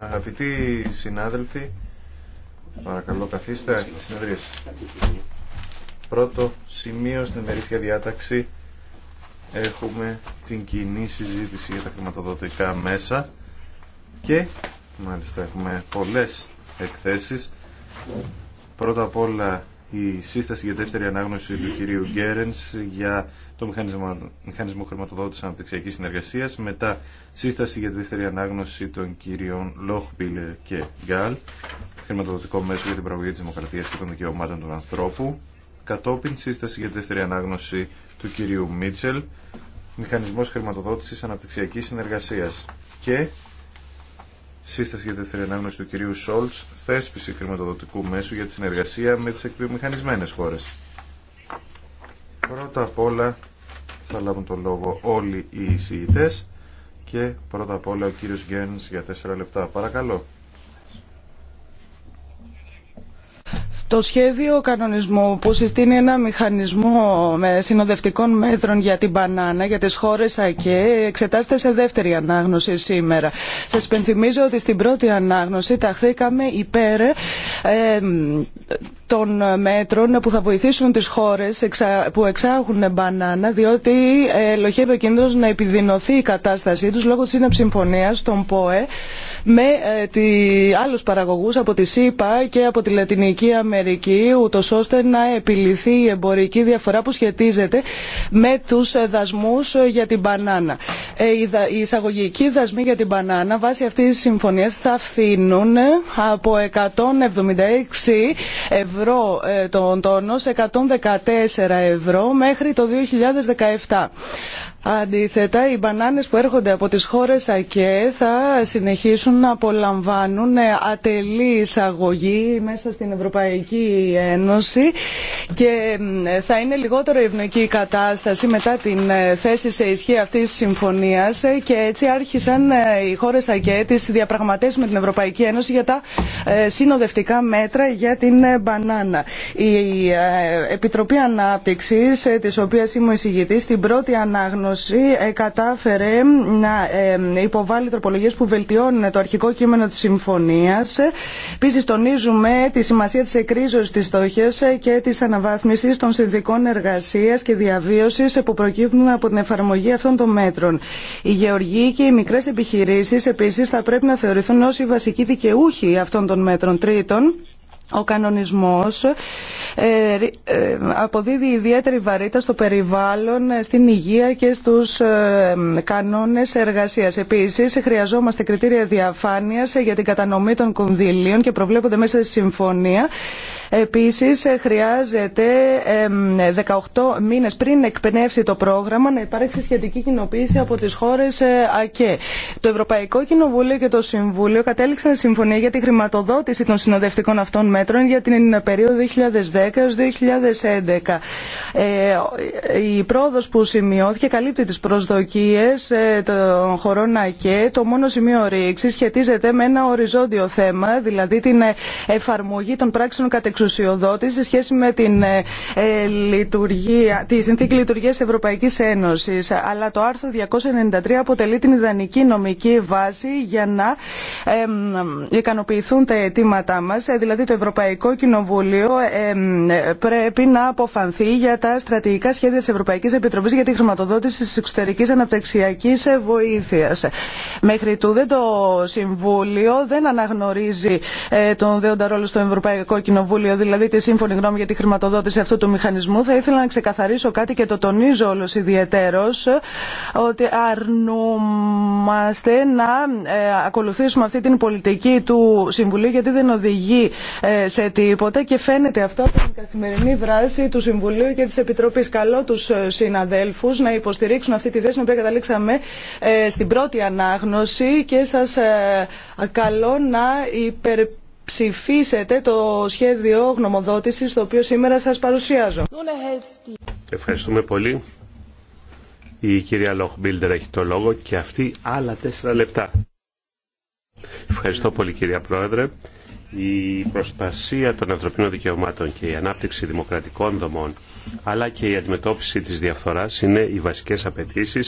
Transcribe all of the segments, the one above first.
Αγαπητοί συνάδελφοι, παρακαλώ καθίστε, Πρώτο σημείο στην ημερήσια διάταξη έχουμε την κοινή συζήτηση για τα χρηματοδοτικά μέσα και μάλιστα έχουμε πολλές εκθέσεις. Πρώτα απ' όλα η σύσταση για δεύτερη ανάγνωση του κυρίου Γκέρενς για το μηχανισμό, μηχανισμό χρηματοδότησης αναπτυξιακής συνεργασίας, μετά σύσταση για δεύτερη ανάγνωση των κυρίων Λόχμπιλ και Γκάλ, χρηματοδοτικό μέσο για την παραγωγή της δημοκρατίας και των δικαιωμάτων του ανθρώπου, κατόπιν σύσταση για δεύτερη ανάγνωση του κυρίου Μίτσελ, Μηχανισμό χρηματοδότηση αναπτυξιακή συνεργασίας και σύσταση για δεύτερη ανάγνωση του κυρίου Σόλτ, θέσπιση χρηματοδοτικού μέσου για τη συνεργασία με τις εκβιομηχανισμένε χώρες. Πρώτα απ' όλα θα λάβουν το λόγο όλοι οι εισηγητέ και πρώτα απ' όλα ο κύριος Γκέρνς για τέσσερα λεπτά. Παρακαλώ. Το σχέδιο κανονισμού που συστήνει ένα μηχανισμό με συνοδευτικών μέτρων για την μπανάνα για τις χώρες ΑΚΕ εξετάζεται σε δεύτερη ανάγνωση σήμερα. Σας υπενθυμίζω ότι στην πρώτη ανάγνωση ταχθήκαμε υπέρ ε, των μέτρων που θα βοηθήσουν τις χώρες που εξάγουν μπανάνα διότι ε, λοχεύει ο κίνδυνος να επιδεινωθεί η κατάστασή τους λόγω της σύναψης συμφωνίας των ΠΟΕ με ε, άλλους παραγωγούς από τη ΣΥΠΑ και από τη Λατινική Αμερική ούτως ώστε να επιληθεί η εμπορική διαφορά που σχετίζεται με τους ε, δασμούς για την μπανάνα. Οι εισαγωγικοί δασμοί για την μπανάνα βάσει αυτής της συμφωνίας θα φθήνουν από 176 ευρώ ευρώ ε, τον τόνο 114 ευρώ μέχρι το 2017. Αντίθετα, οι μπανάνες που έρχονται από τις χώρες ΑΚΕ θα συνεχίσουν να απολαμβάνουν ε, ατελή εισαγωγή μέσα στην Ευρωπαϊκή Ένωση και ε, θα είναι λιγότερο ευνοϊκή η κατάσταση μετά την ε, θέση σε ισχύ αυτής της συμφωνίας και έτσι άρχισαν οι χώρες ΑΚΕ τις διαπραγματεύσεις με την Ευρωπαϊκή Ένωση για τα συνοδευτικά μέτρα για την μπανάνα. Η Επιτροπή Ανάπτυξης, της οποίας είμαι ο εισηγητής, την πρώτη ανάγνωση Ένωση ε, κατάφερε να ε, υποβάλει τροπολογίες που βελτιώνουν το αρχικό κείμενο της συμφωνίας. Επίσης τονίζουμε τη σημασία της εκρίζωσης της στόχης ε, και της αναβάθμισης των συνδικών εργασίας και διαβίωσης που προκύπτουν από την εφαρμογή αυτών των μέτρων. Οι γεωργοί και οι μικρές επιχειρήσεις επίσης θα πρέπει να θεωρηθούν ως οι βασικοί δικαιούχοι αυτών των μέτρων τρίτων. Ο κανονισμός ε, ε, αποδίδει ιδιαίτερη βαρύτητα στο περιβάλλον, ε, στην υγεία και στους κανόνες εργασίας. Επίσης, χρειαζόμαστε κριτήρια διαφάνειας για την κατανομή των κονδυλίων και προβλέπονται μέσα στη συμφωνία. Επίσης, χρειάζεται 18 μήνες πριν εκπαινεύσει το πρόγραμμα να υπάρξει σχετική κοινοποίηση από τις χώρες ΑΚΕ. Το Ευρωπαϊκό Κοινοβούλιο και το Συμβούλιο κατέληξαν συμφωνία για τη χρηματοδότηση των συνοδευτικών αυτών μέτρων για την περίοδο 2010-2011. Ε, η πρόοδος που σημειώθηκε καλύπτει τις προσδοκίες ε, των χωρών ΑΚΕ. Το μόνο σημείο ρήξη σχετίζεται με ένα οριζόντιο θέμα, δηλαδή την ε, εφαρμογή των πράξεων κατεξουσιοδότης σε σχέση με την λειτουργία, τη συνθήκη λειτουργίας Ευρωπαϊκής Ένωσης. Αλλά το άρθρο 293 αποτελεί την ιδανική νομική βάση για να ικανοποιηθούν τα αιτήματά μας, δηλαδή το Ευρωπαϊκό Ευρωπαϊκό Κοινοβούλιο πρέπει να αποφανθεί για τα στρατηγικά σχέδια της Ευρωπαϊκής Επιτροπής για τη χρηματοδότηση της εξωτερικής αναπτυξιακής βοήθειας. Μέχρι τούδε το Συμβούλιο δεν αναγνωρίζει ε, τον δέοντα ρόλο στο Ευρωπαϊκό Κοινοβούλιο, δηλαδή τη σύμφωνη γνώμη για τη χρηματοδότηση αυτού του μηχανισμού. Θα ήθελα να ξεκαθαρίσω κάτι και το τονίζω όλο ιδιαίτερο ότι αρνούμαστε να ε, ακολουθήσουμε αυτή την πολιτική του Συμβουλίου γιατί δεν οδηγεί ε, σε τίποτα και φαίνεται αυτό από την καθημερινή δράση του Συμβουλίου και της Επιτροπής. Καλό τους ε, συναδέλφους να υποστηρίξουν αυτή τη θέση την οποία καταλήξαμε ε, στην πρώτη ανάγνωση και σας ε, καλώ να υπερψηφίσετε το σχέδιο γνωμοδότησης το οποίο σήμερα σας παρουσιάζω. Ευχαριστούμε πολύ. Η κυρία Λοχμπίλτερ έχει το λόγο και αυτή άλλα τέσσερα λεπτά. Ευχαριστώ πολύ κυρία Πρόεδρε η προστασία των ανθρωπίνων δικαιωμάτων και η ανάπτυξη δημοκρατικών δομών αλλά και η αντιμετώπιση της διαφθοράς είναι οι βασικές απαιτήσει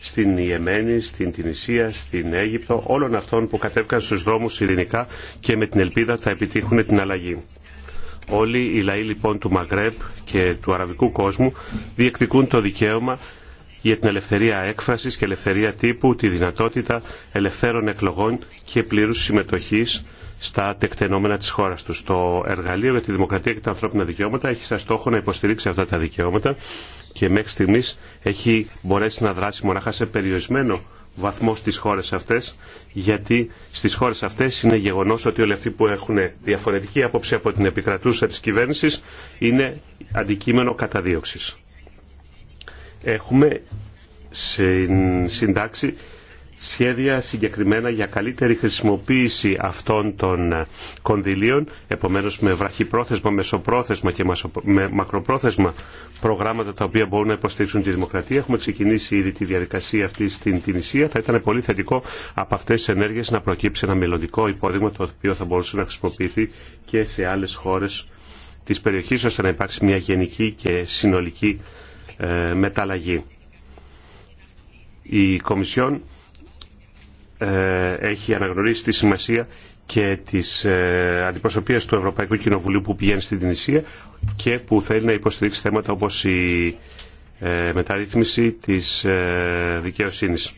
στην Ιεμένη, στην Τινησία, στην Αίγυπτο, όλων αυτών που κατέβηκαν στους δρόμους ειρηνικά και με την ελπίδα θα επιτύχουν την αλλαγή. Όλοι οι λαοί λοιπόν του Μαγκρέπ και του αραβικού κόσμου διεκδικούν το δικαίωμα για την ελευθερία έκφρασης και ελευθερία τύπου, τη δυνατότητα ελευθέρων εκλογών και πλήρους συμμετοχής στα τεκτενόμενα της χώρας τους. Το εργαλείο για τη δημοκρατία και τα ανθρώπινα δικαιώματα έχει σαν στόχο να υποστηρίξει αυτά τα δικαιώματα και μέχρι στιγμής έχει μπορέσει να δράσει μονάχα σε περιορισμένο βαθμό στις χώρες αυτές, γιατί στις χώρες αυτές είναι γεγονός ότι όλοι αυτοί που έχουν διαφορετική άποψη από την επικρατούσα της κυβέρνησης είναι αντικείμενο καταδίωξης έχουμε συντάξει σχέδια συγκεκριμένα για καλύτερη χρησιμοποίηση αυτών των ε, κονδυλίων, επομένως με βραχυπρόθεσμα, μεσοπρόθεσμα και μακροπρόθεσμα προγράμματα τα οποία μπορούν να υποστηρίξουν τη δημοκρατία. Έχουμε ξεκινήσει ήδη τη διαδικασία αυτή στην Τινησία. Θα ήταν πολύ θετικό από αυτές τις ενέργειες να προκύψει ένα μελλοντικό υπόδειγμα το οποίο θα μπορούσε να χρησιμοποιηθεί και σε άλλες χώρες της περιοχής ώστε να υπάρξει μια γενική και συνολική ε, μεταλλαγή. Η Κομισιόν ε, έχει αναγνωρίσει τη σημασία και της ε, αντιπροσωπείας του Ευρωπαϊκού Κοινοβουλίου που πηγαίνει στην Τινησία και που θέλει να υποστηρίξει θέματα όπως η μεταρρύθμιση της δικαιοσύνης.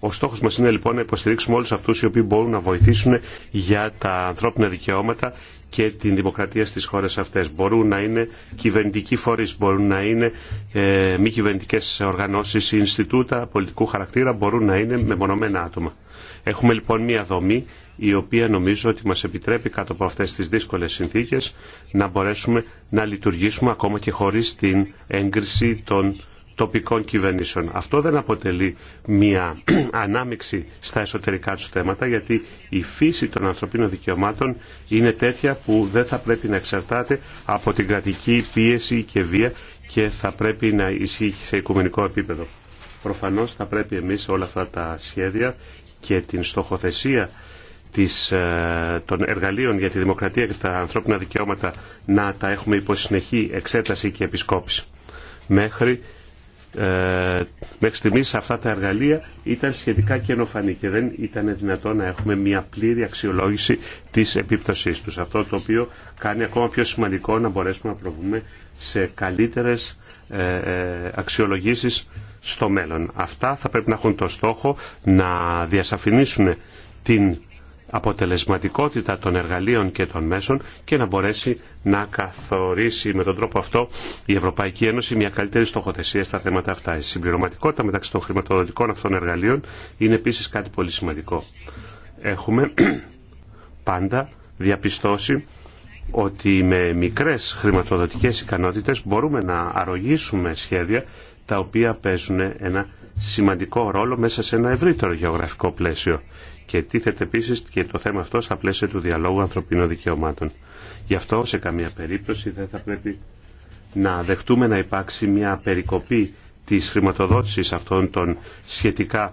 Ο στόχος μας είναι λοιπόν να υποστηρίξουμε όλους αυτούς οι οποίοι μπορούν να βοηθήσουν για τα ανθρώπινα δικαιώματα και την δημοκρατία στις χώρες αυτές. Μπορούν να είναι κυβερνητικοί φορείς, μπορούν να είναι ε, μη κυβερνητικέ οργανώσεις, Ινστιτούτα πολιτικού χαρακτήρα, μπορούν να είναι μεμονωμένα άτομα. Έχουμε λοιπόν μία δομή η οποία νομίζω ότι μας επιτρέπει κάτω από αυτές τις δύσκολες συνθήκες να μπορέσουμε να λειτουργήσουμε ακόμα και χωρίς την έγκριση των τοπικών κυβερνήσεων. Αυτό δεν αποτελεί μια ανάμειξη στα εσωτερικά του θέματα, γιατί η φύση των ανθρωπίνων δικαιωμάτων είναι τέτοια που δεν θα πρέπει να εξαρτάται από την κρατική πίεση και βία και θα πρέπει να ισχύει σε οικουμενικό επίπεδο. Προφανώς θα πρέπει εμείς όλα αυτά τα σχέδια και την στοχοθεσία της, ε, των εργαλείων για τη δημοκρατία και τα ανθρώπινα δικαιώματα να τα έχουμε υπό συνεχή εξέταση και επισκόπηση μέχρι ε, μέχρι στιγμής αυτά τα εργαλεία ήταν σχετικά καινοφανή και δεν ήταν δυνατό να έχουμε μια πλήρη αξιολόγηση της επίπτωσής τους. Αυτό το οποίο κάνει ακόμα πιο σημαντικό να μπορέσουμε να προβούμε σε καλύτερες ε, ε αξιολογήσεις στο μέλλον. Αυτά θα πρέπει να έχουν το στόχο να διασαφηνίσουν την αποτελεσματικότητα των εργαλείων και των μέσων και να μπορέσει να καθορίσει με τον τρόπο αυτό η Ευρωπαϊκή Ένωση μια καλύτερη στοχοθεσία στα θέματα αυτά. Η συμπληρωματικότητα μεταξύ των χρηματοδοτικών αυτών εργαλείων είναι επίσης κάτι πολύ σημαντικό. Έχουμε πάντα διαπιστώσει ότι με μικρές χρηματοδοτικές ικανότητες μπορούμε να αρρωγήσουμε σχέδια τα οποία παίζουν ένα σημαντικό ρόλο μέσα σε ένα ευρύτερο γεωγραφικό πλαίσιο και τίθεται επίση και το θέμα αυτό στα πλαίσια του διαλόγου ανθρωπίνων δικαιωμάτων. Γι' αυτό σε καμία περίπτωση δεν θα πρέπει να δεχτούμε να υπάρξει μια περικοπή της χρηματοδότησης αυτών των σχετικά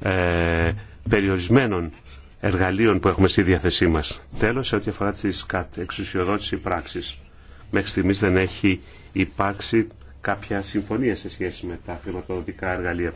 ε, περιορισμένων εργαλείων που έχουμε στη διάθεσή μας. Τέλος, σε ό,τι αφορά τις εξουσιοδότηση πράξης. Μέχρι στιγμής δεν έχει υπάρξει κάποια συμφωνία σε σχέση με τα χρηματοδοτικά εργαλεία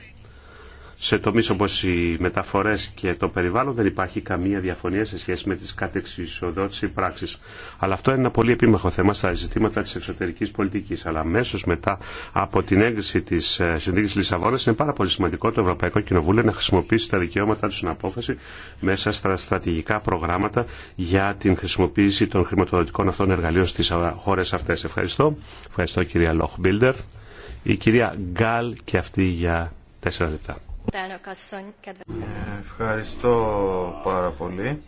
σε τομείς όπως οι μεταφορές και το περιβάλλον δεν υπάρχει καμία διαφωνία σε σχέση με τις κατεξισοδότηση πράξεις. Αλλά αυτό είναι ένα πολύ επίμαχο θέμα στα ζητήματα της εξωτερικής πολιτικής. Αλλά αμέσω μετά από την έγκριση της ε, Συνδίκης Λισαβόνας είναι πάρα πολύ σημαντικό το Ευρωπαϊκό Κοινοβούλιο να χρησιμοποιήσει τα δικαιώματά του στην απόφαση μέσα στα στρατηγικά προγράμματα για την χρησιμοποίηση των χρηματοδοτικών αυτών εργαλείων στις ε, χώρες αυτές. Ευχαριστώ. Ευχαριστώ κυρία Λόχ Μπίλτερ. Η κυρία Γκάλ και αυτή για τέσσερα λεπτά. Ευχαριστώ πάρα πολύ.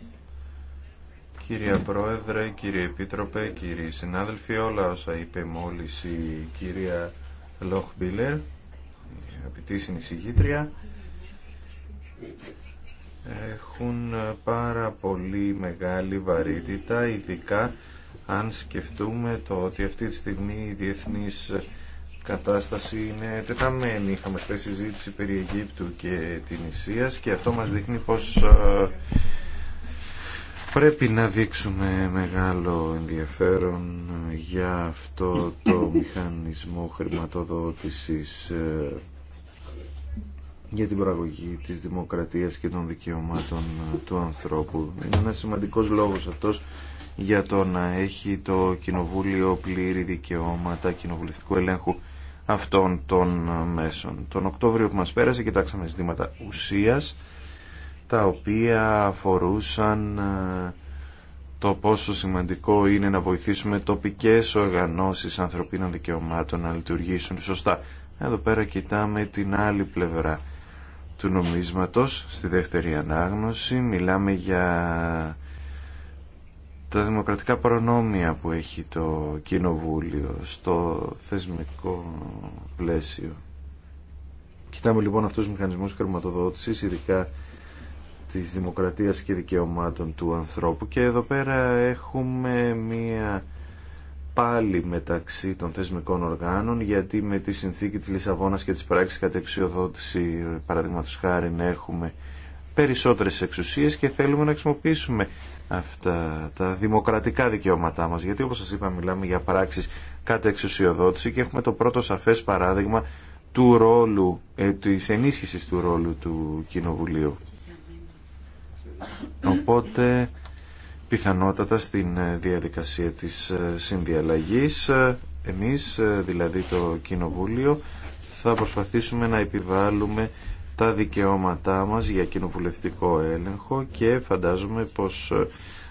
Κύριε Πρόεδρε, κύριε Επίτροπε, κύριοι συνάδελφοι, όλα όσα είπε μόλις η κυρία η αγαπητή συνεισηγήτρια, έχουν πάρα πολύ μεγάλη βαρύτητα, ειδικά αν σκεφτούμε το ότι αυτή τη στιγμή οι διεθνείς κατάσταση είναι τεταμένη. Είχαμε χθε συζήτηση περί Αιγύπτου και την Ισία και αυτό μας δείχνει πως ε, πρέπει να δείξουμε μεγάλο ενδιαφέρον για αυτό το μηχανισμό χρηματοδότησης ε, για την προαγωγή της δημοκρατίας και των δικαιωμάτων ε, του ανθρώπου. Είναι ένας σημαντικός λόγος αυτός για το να έχει το Κοινοβούλιο πλήρη δικαιώματα κοινοβουλευτικού ελέγχου αυτών των ε, μέσων. Τον Οκτώβριο που μας πέρασε κοιτάξαμε ζητήματα ουσίας τα οποία αφορούσαν ε, το πόσο σημαντικό είναι να βοηθήσουμε τοπικές οργανώσεις ανθρωπίνων δικαιωμάτων να λειτουργήσουν σωστά. Εδώ πέρα κοιτάμε την άλλη πλευρά του νομίσματος στη δεύτερη ανάγνωση. Μιλάμε για τα δημοκρατικά προνόμια που έχει το Κοινοβούλιο στο θεσμικό πλαίσιο. Κοιτάμε λοιπόν αυτούς τους μηχανισμούς χρηματοδότησης, ειδικά της δημοκρατίας και δικαιωμάτων του ανθρώπου και εδώ πέρα έχουμε μία πάλι μεταξύ των θεσμικών οργάνων γιατί με τη συνθήκη της Λισαβόνας και της πράξης κατεξιοδότηση παραδείγματος χάρη έχουμε περισσότερες εξουσίες και θέλουμε να χρησιμοποιήσουμε αυτά τα δημοκρατικά δικαιώματά μας γιατί όπως σας είπα μιλάμε για πράξεις κατά εξουσιοδότηση και έχουμε το πρώτο σαφές παράδειγμα του ρόλου, ε, της ενίσχυσης του ρόλου του Κοινοβουλίου. Οπότε πιθανότατα στην ε, διαδικασία της ε, συνδιαλλαγής ε, εμείς δηλαδή το Κοινοβούλιο θα προσπαθήσουμε να επιβάλλουμε τα δικαιώματά μας για κοινοβουλευτικό έλεγχο και φαντάζομαι πως ε,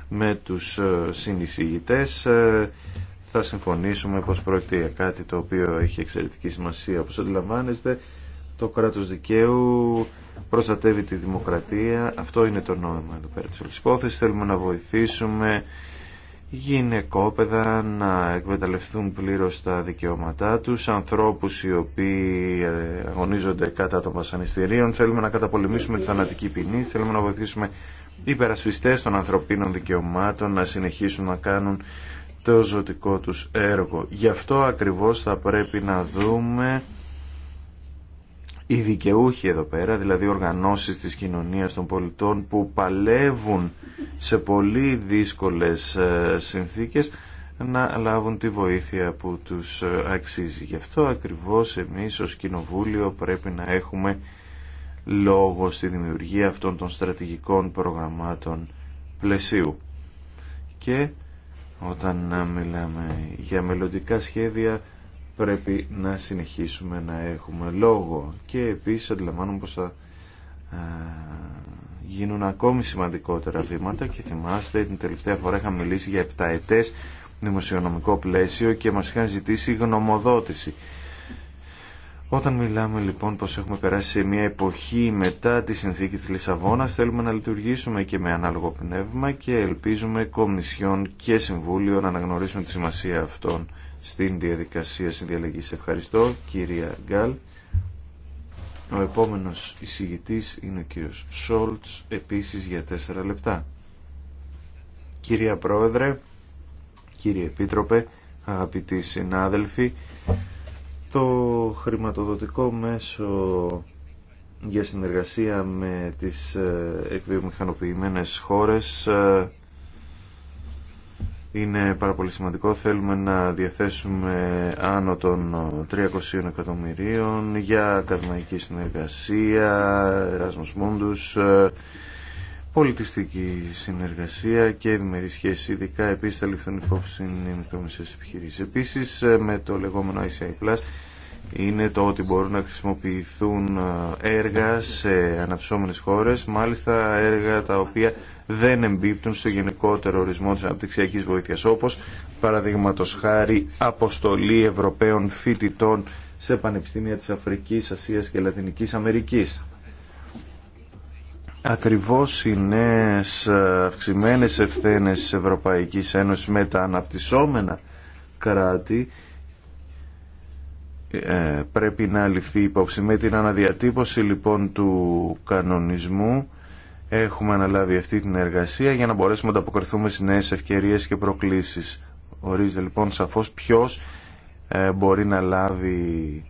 με τους ε, συνεισηγητές ε, θα συμφωνήσουμε πως πρόκειται για κάτι το οποίο έχει εξαιρετική σημασία. Όπως αντιλαμβάνεστε, το κράτος δικαίου προστατεύει τη δημοκρατία. Αυτό είναι το νόημα εδώ πέρα της Θέλουμε να βοηθήσουμε γυναικόπαιδα να εκμεταλλευτούν πλήρως τα δικαιώματά τους, ανθρώπους οι οποίοι ε, αγωνίζονται κατά των βασανιστήριων. Θέλουμε να καταπολεμήσουμε τη θανατική ποινή, θέλουμε να βοηθήσουμε υπερασπιστές των ανθρωπίνων δικαιωμάτων να συνεχίσουν να κάνουν το ζωτικό τους έργο. Γι' αυτό ακριβώς θα πρέπει να δούμε οι δικαιούχοι εδώ πέρα, δηλαδή οργανώσεις της κοινωνίας των πολιτών που παλεύουν σε πολύ δύσκολες ε, συνθήκες να λάβουν τη βοήθεια που τους ε, αξίζει. Γι' αυτό ακριβώς εμείς ως Κοινοβούλιο πρέπει να έχουμε λόγο στη δημιουργία αυτών των στρατηγικών προγραμμάτων πλαισίου. Και όταν ε, μιλάμε για μελλοντικά σχέδια πρέπει να συνεχίσουμε να έχουμε λόγο και επίσης αντιλαμβάνομαι πως θα ε, γίνουν ακόμη σημαντικότερα βήματα και θυμάστε την τελευταία φορά είχαμε μιλήσει για επταετές δημοσιονομικό πλαίσιο και μας είχαν ζητήσει γνωμοδότηση. Όταν μιλάμε λοιπόν πως έχουμε περάσει σε μια εποχή μετά τη συνθήκη της Λισαβόνας θέλουμε να λειτουργήσουμε και με ανάλογο πνεύμα και ελπίζουμε Κομισιόν και Συμβούλιο να αναγνωρίσουν τη σημασία αυτών στην διαδικασία συνδιαλλαγής. Ευχαριστώ κυρία Γκάλ. Ο επόμενος εισηγητής είναι ο κύριος Σόλτς, επίσης για τέσσερα λεπτά. Κυρία Πρόεδρε, κύριε Επίτροπε, αγαπητοί συνάδελφοι, το χρηματοδοτικό μέσο για συνεργασία με τις ε, εκβιομηχανοποιημένες χώρες ε, είναι πάρα πολύ σημαντικό. Θέλουμε να διαθέσουμε άνω των 300 εκατομμυρίων για ακαδημαϊκή συνεργασία, Erasmus Mundus, ε, πολιτιστική συνεργασία και ευημερή σχέση. Ειδικά επίσης θα ληφθούν υπόψη οι μικρομεσαίες επιχειρήσεις. Επίσης ε, με το λεγόμενο ICI είναι το ότι μπορούν να χρησιμοποιηθούν ε, έργα σε αναψώμενες χώρες, μάλιστα έργα τα οποία δεν εμπίπτουν στο γενικότερο ορισμό της αναπτυξιακής βοήθειας, όπως παραδείγματος χάρη αποστολή Ευρωπαίων φοιτητών σε πανεπιστήμια της Αφρικής, Ασίας και Λατινικής Αμερικής. Ακριβώς οι νέες ε, αυξημένες ευθένες της Ευρωπαϊκής Ένωσης με τα αναπτυσσόμενα κράτη ε, πρέπει να ληφθεί υπόψη. Με την αναδιατύπωση λοιπόν του κανονισμού έχουμε αναλάβει αυτή την εργασία για να μπορέσουμε να αποκριθούμε στις νέες ευκαιρίες και προκλήσεις. Ορίζεται λοιπόν σαφώς ποιος ε, μπορεί να λάβει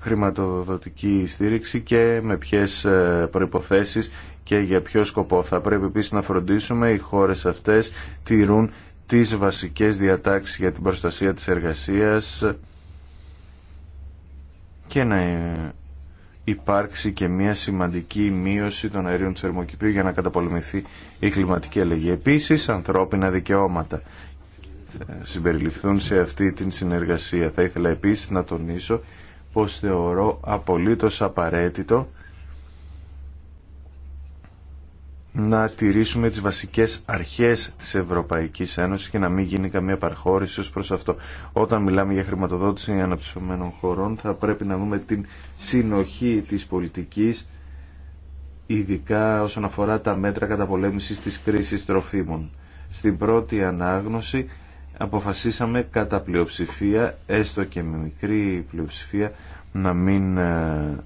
χρηματοδοτική στήριξη και με ποιες ε, προϋποθέσεις και για ποιο σκοπό. Θα πρέπει επίση να φροντίσουμε οι χώρες αυτές τηρούν τις βασικές διατάξεις για την προστασία της εργασίας και να υπάρξει και μια σημαντική μείωση των αερίων του θερμοκηπίου για να καταπολεμηθεί η κλιματική αλλαγή. Επίσης, ανθρώπινα δικαιώματα συμπεριληφθούν σε αυτή την συνεργασία. Θα ήθελα επίσης να τονίσω πως θεωρώ απολύτως απαραίτητο να τηρήσουμε τις βασικές αρχές της Ευρωπαϊκής Ένωσης και να μην γίνει καμία παραχώρηση ως προς αυτό. Όταν μιλάμε για χρηματοδότηση αναψηφωμένων χωρών θα πρέπει να δούμε την συνοχή της πολιτικής ειδικά όσον αφορά τα μέτρα καταπολέμησης της κρίσης τροφίμων. Στην πρώτη ανάγνωση αποφασίσαμε κατά πλειοψηφία, έστω και με μικρή πλειοψηφία, να μην ε,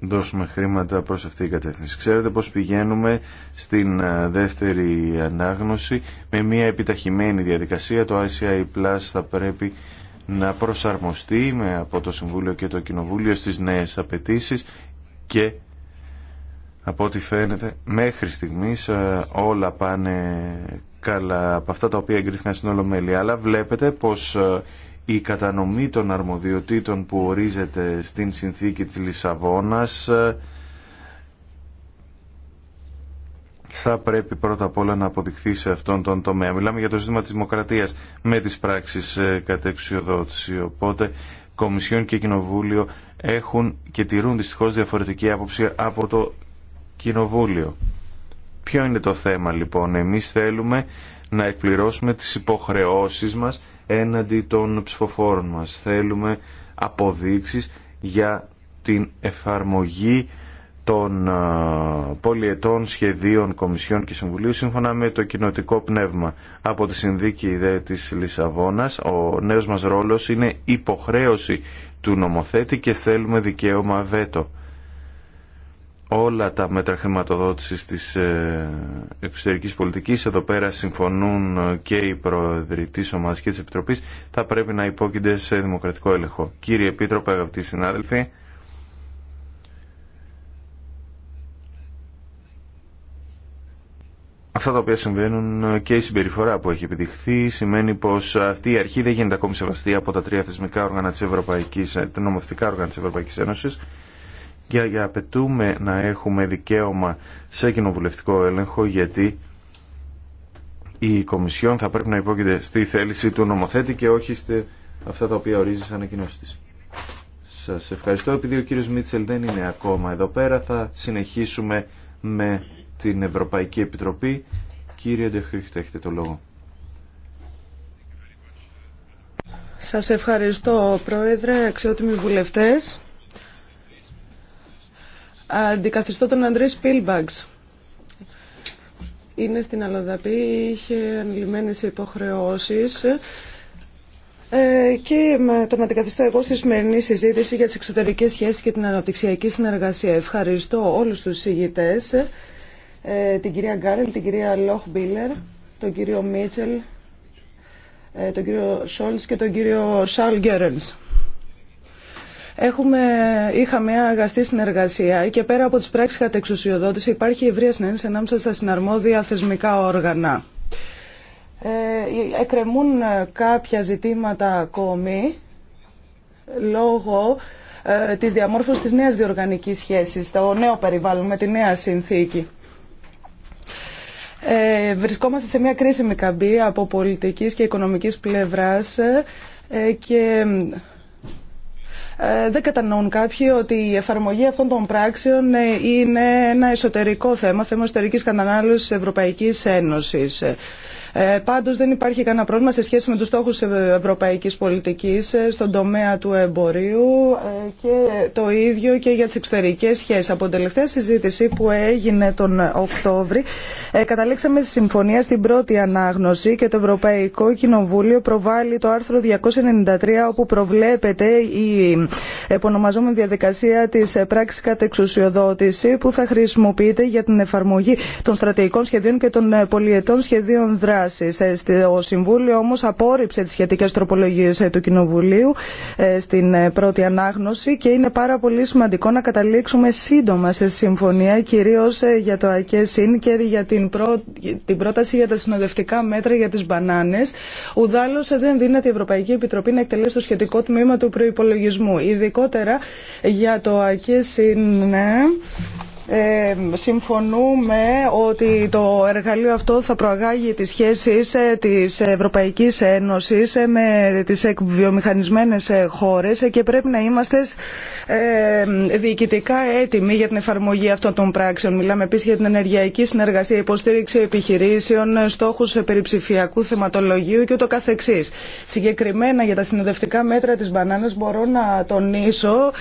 δώσουμε χρήματα προς αυτή την κατεύθυνση. Ξέρετε πως πηγαίνουμε στην ε, δεύτερη ανάγνωση με μια επιταχυμένη διαδικασία. Το ICI Plus θα πρέπει να προσαρμοστεί με, από το Συμβούλιο και το Κοινοβούλιο στις νέες απαιτήσεις και από ό,τι φαίνεται μέχρι στιγμής ε, όλα πάνε καλά από αυτά τα οποία εγκρίθηκαν στην Ολομέλεια. Αλλά βλέπετε πως ε, η κατανομή των αρμοδιοτήτων που ορίζεται στην συνθήκη της Λισαβόνας ε, θα πρέπει πρώτα απ' όλα να αποδειχθεί σε αυτόν τον τομέα. Μιλάμε για το ζήτημα της δημοκρατίας με τις πράξεις ε, κατεξιοδότηση. Οπότε Κομισιόν και Κοινοβούλιο έχουν και τηρούν δυστυχώς διαφορετική άποψη από το Κοινοβούλιο. Ποιο είναι το θέμα λοιπόν. Εμείς θέλουμε να εκπληρώσουμε τις υποχρεώσεις μας έναντι των ψηφοφόρων μας. Θέλουμε αποδείξεις για την εφαρμογή των ε, πολιετών σχεδίων Κομισιών και Συμβουλίου σύμφωνα με το κοινοτικό πνεύμα. Από τη συνδίκη Ιδέα της Λισαβόνας ο νέος μας ρόλος είναι υποχρέωση του νομοθέτη και θέλουμε δικαίωμα βέτο όλα τα μέτρα χρηματοδότησης της ε, εξωτερικής πολιτικής, εδώ πέρα συμφωνούν ε, και οι πρόεδροι της ομάδας και της Επιτροπής, θα πρέπει να υπόκεινται σε δημοκρατικό έλεγχο. Κύριε Επίτροπε, αγαπητοί συνάδελφοι, Αυτά τα οποία συμβαίνουν ε, και η συμπεριφορά που έχει επιδειχθεί σημαίνει πω αυτή η αρχή δεν γίνεται ακόμη σεβαστή από τα τρία θεσμικά όργανα όργανα τη Ευρωπαϊκή Ένωση και απαιτούμε να έχουμε δικαίωμα σε κοινοβουλευτικό έλεγχο γιατί η Κομισιόν θα πρέπει να υπόκειται στη θέληση του νομοθέτη και όχι στη αυτά τα οποία ορίζει σαν ανακοινώσει. τη. Σας ευχαριστώ. Επειδή ο κύριο Μίτσελ δεν είναι ακόμα εδώ πέρα, θα συνεχίσουμε με την Ευρωπαϊκή Επιτροπή. Κύριε Ντεχούχτα, έχετε το λόγο. Σας ευχαριστώ, Πρόεδρε, αξιότιμοι βουλευτές. Αντικαθιστώ τον Αντρέ Σπίλμπαγκ. Είναι στην Αλοδαπή, είχε ανηλυμένες υποχρεώσεις ε, και τον αντικαθιστώ εγώ στη σημερινή συζήτηση για τις εξωτερικές σχέσεις και την αναπτυξιακή συνεργασία. Ευχαριστώ όλους τους συγητές, ε, την κυρία Γκάρελ, την κυρία Λόχ Μπίλερ, τον κύριο Μίτσελ, ε, τον κύριο Σόλτς και τον κύριο Σάλ Γκέρενς. Έχουμε, είχαμε μια αγαστή συνεργασία και πέρα από τις πράξεις κατεξουσιοδότηση υπάρχει ευρεία συνένεση ανάμεσα στα συναρμόδια θεσμικά όργανα. Ε, εκρεμούν ε, κάποια ζητήματα ακόμη λόγω ε, της διαμόρφωσης της νέας διοργανικής σχέσης, το νέο περιβάλλον με τη νέα συνθήκη. Ε, βρισκόμαστε σε μια κρίσιμη καμπή από πολιτικής και οικονομικής πλευράς ε, και ε, δεν κατανοούν κάποιοι ότι η εφαρμογή αυτών των πράξεων ε, είναι ένα εσωτερικό θέμα, θέμα εσωτερικής κατανάλωσης Ευρωπαϊκής Ένωσης. Ε, Πάντω δεν υπάρχει κανένα πρόβλημα σε σχέση με τους στόχους Ευρωπαϊκή Πολιτική ε, στον τομέα του εμπορίου ε, και το ίδιο και για τι εξωτερικέ σχέσει. Από την τελευταία συζήτηση που έγινε τον Οκτώβρη καταλήξαμε στη συμφωνία στην πρώτη ανάγνωση και το Ευρωπαϊκό Κοινοβούλιο προβάλλει το άρθρο 293 όπου προβλέπεται η επωνομαζόμενη διαδικασία της πράξης κατεξουσιοδότηση που θα χρησιμοποιείται για την εφαρμογή των στρατηγικών σχεδίων και των πολιετών σχεδίων δράση. Ε, ο Συμβούλιο όμω απόρριψε τι σχετικέ τροπολογίε ε, του Κοινοβουλίου ε, στην πρώτη ανάγνωση και είναι πάρα πολύ σημαντικό να καταλήξουμε σύντομα σε συμφωνία κυρίω για το ΑΚΕΣΥΝ και για την, την πρόταση για τα συνοδευτικά μέτρα για τις μπανάνες. Ουδάλλως δεν δίνεται η Ευρωπαϊκή Επιτροπή να εκτελέσει το σχετικό τμήμα του προπολογισμού. Ειδικότερα για το ΑΚΕΣΥΝ... Ε, συμφωνούμε ότι το εργαλείο αυτό θα προαγάγει τις σχέσεις ε, της Ευρωπαϊκής Ένωσης ε, με τις εκβιομηχανισμένες ε, χώρες και πρέπει να είμαστε ε, διοικητικά έτοιμοι για την εφαρμογή αυτών των πράξεων. Μιλάμε επίσης για την ενεργειακή συνεργασία, υποστήριξη επιχειρήσεων, στόχους περιψηφιακού θεματολογίου και ούτω καθεξής. Συγκεκριμένα για τα συνοδευτικά μέτρα της μπανάνας μπορώ να τονίσω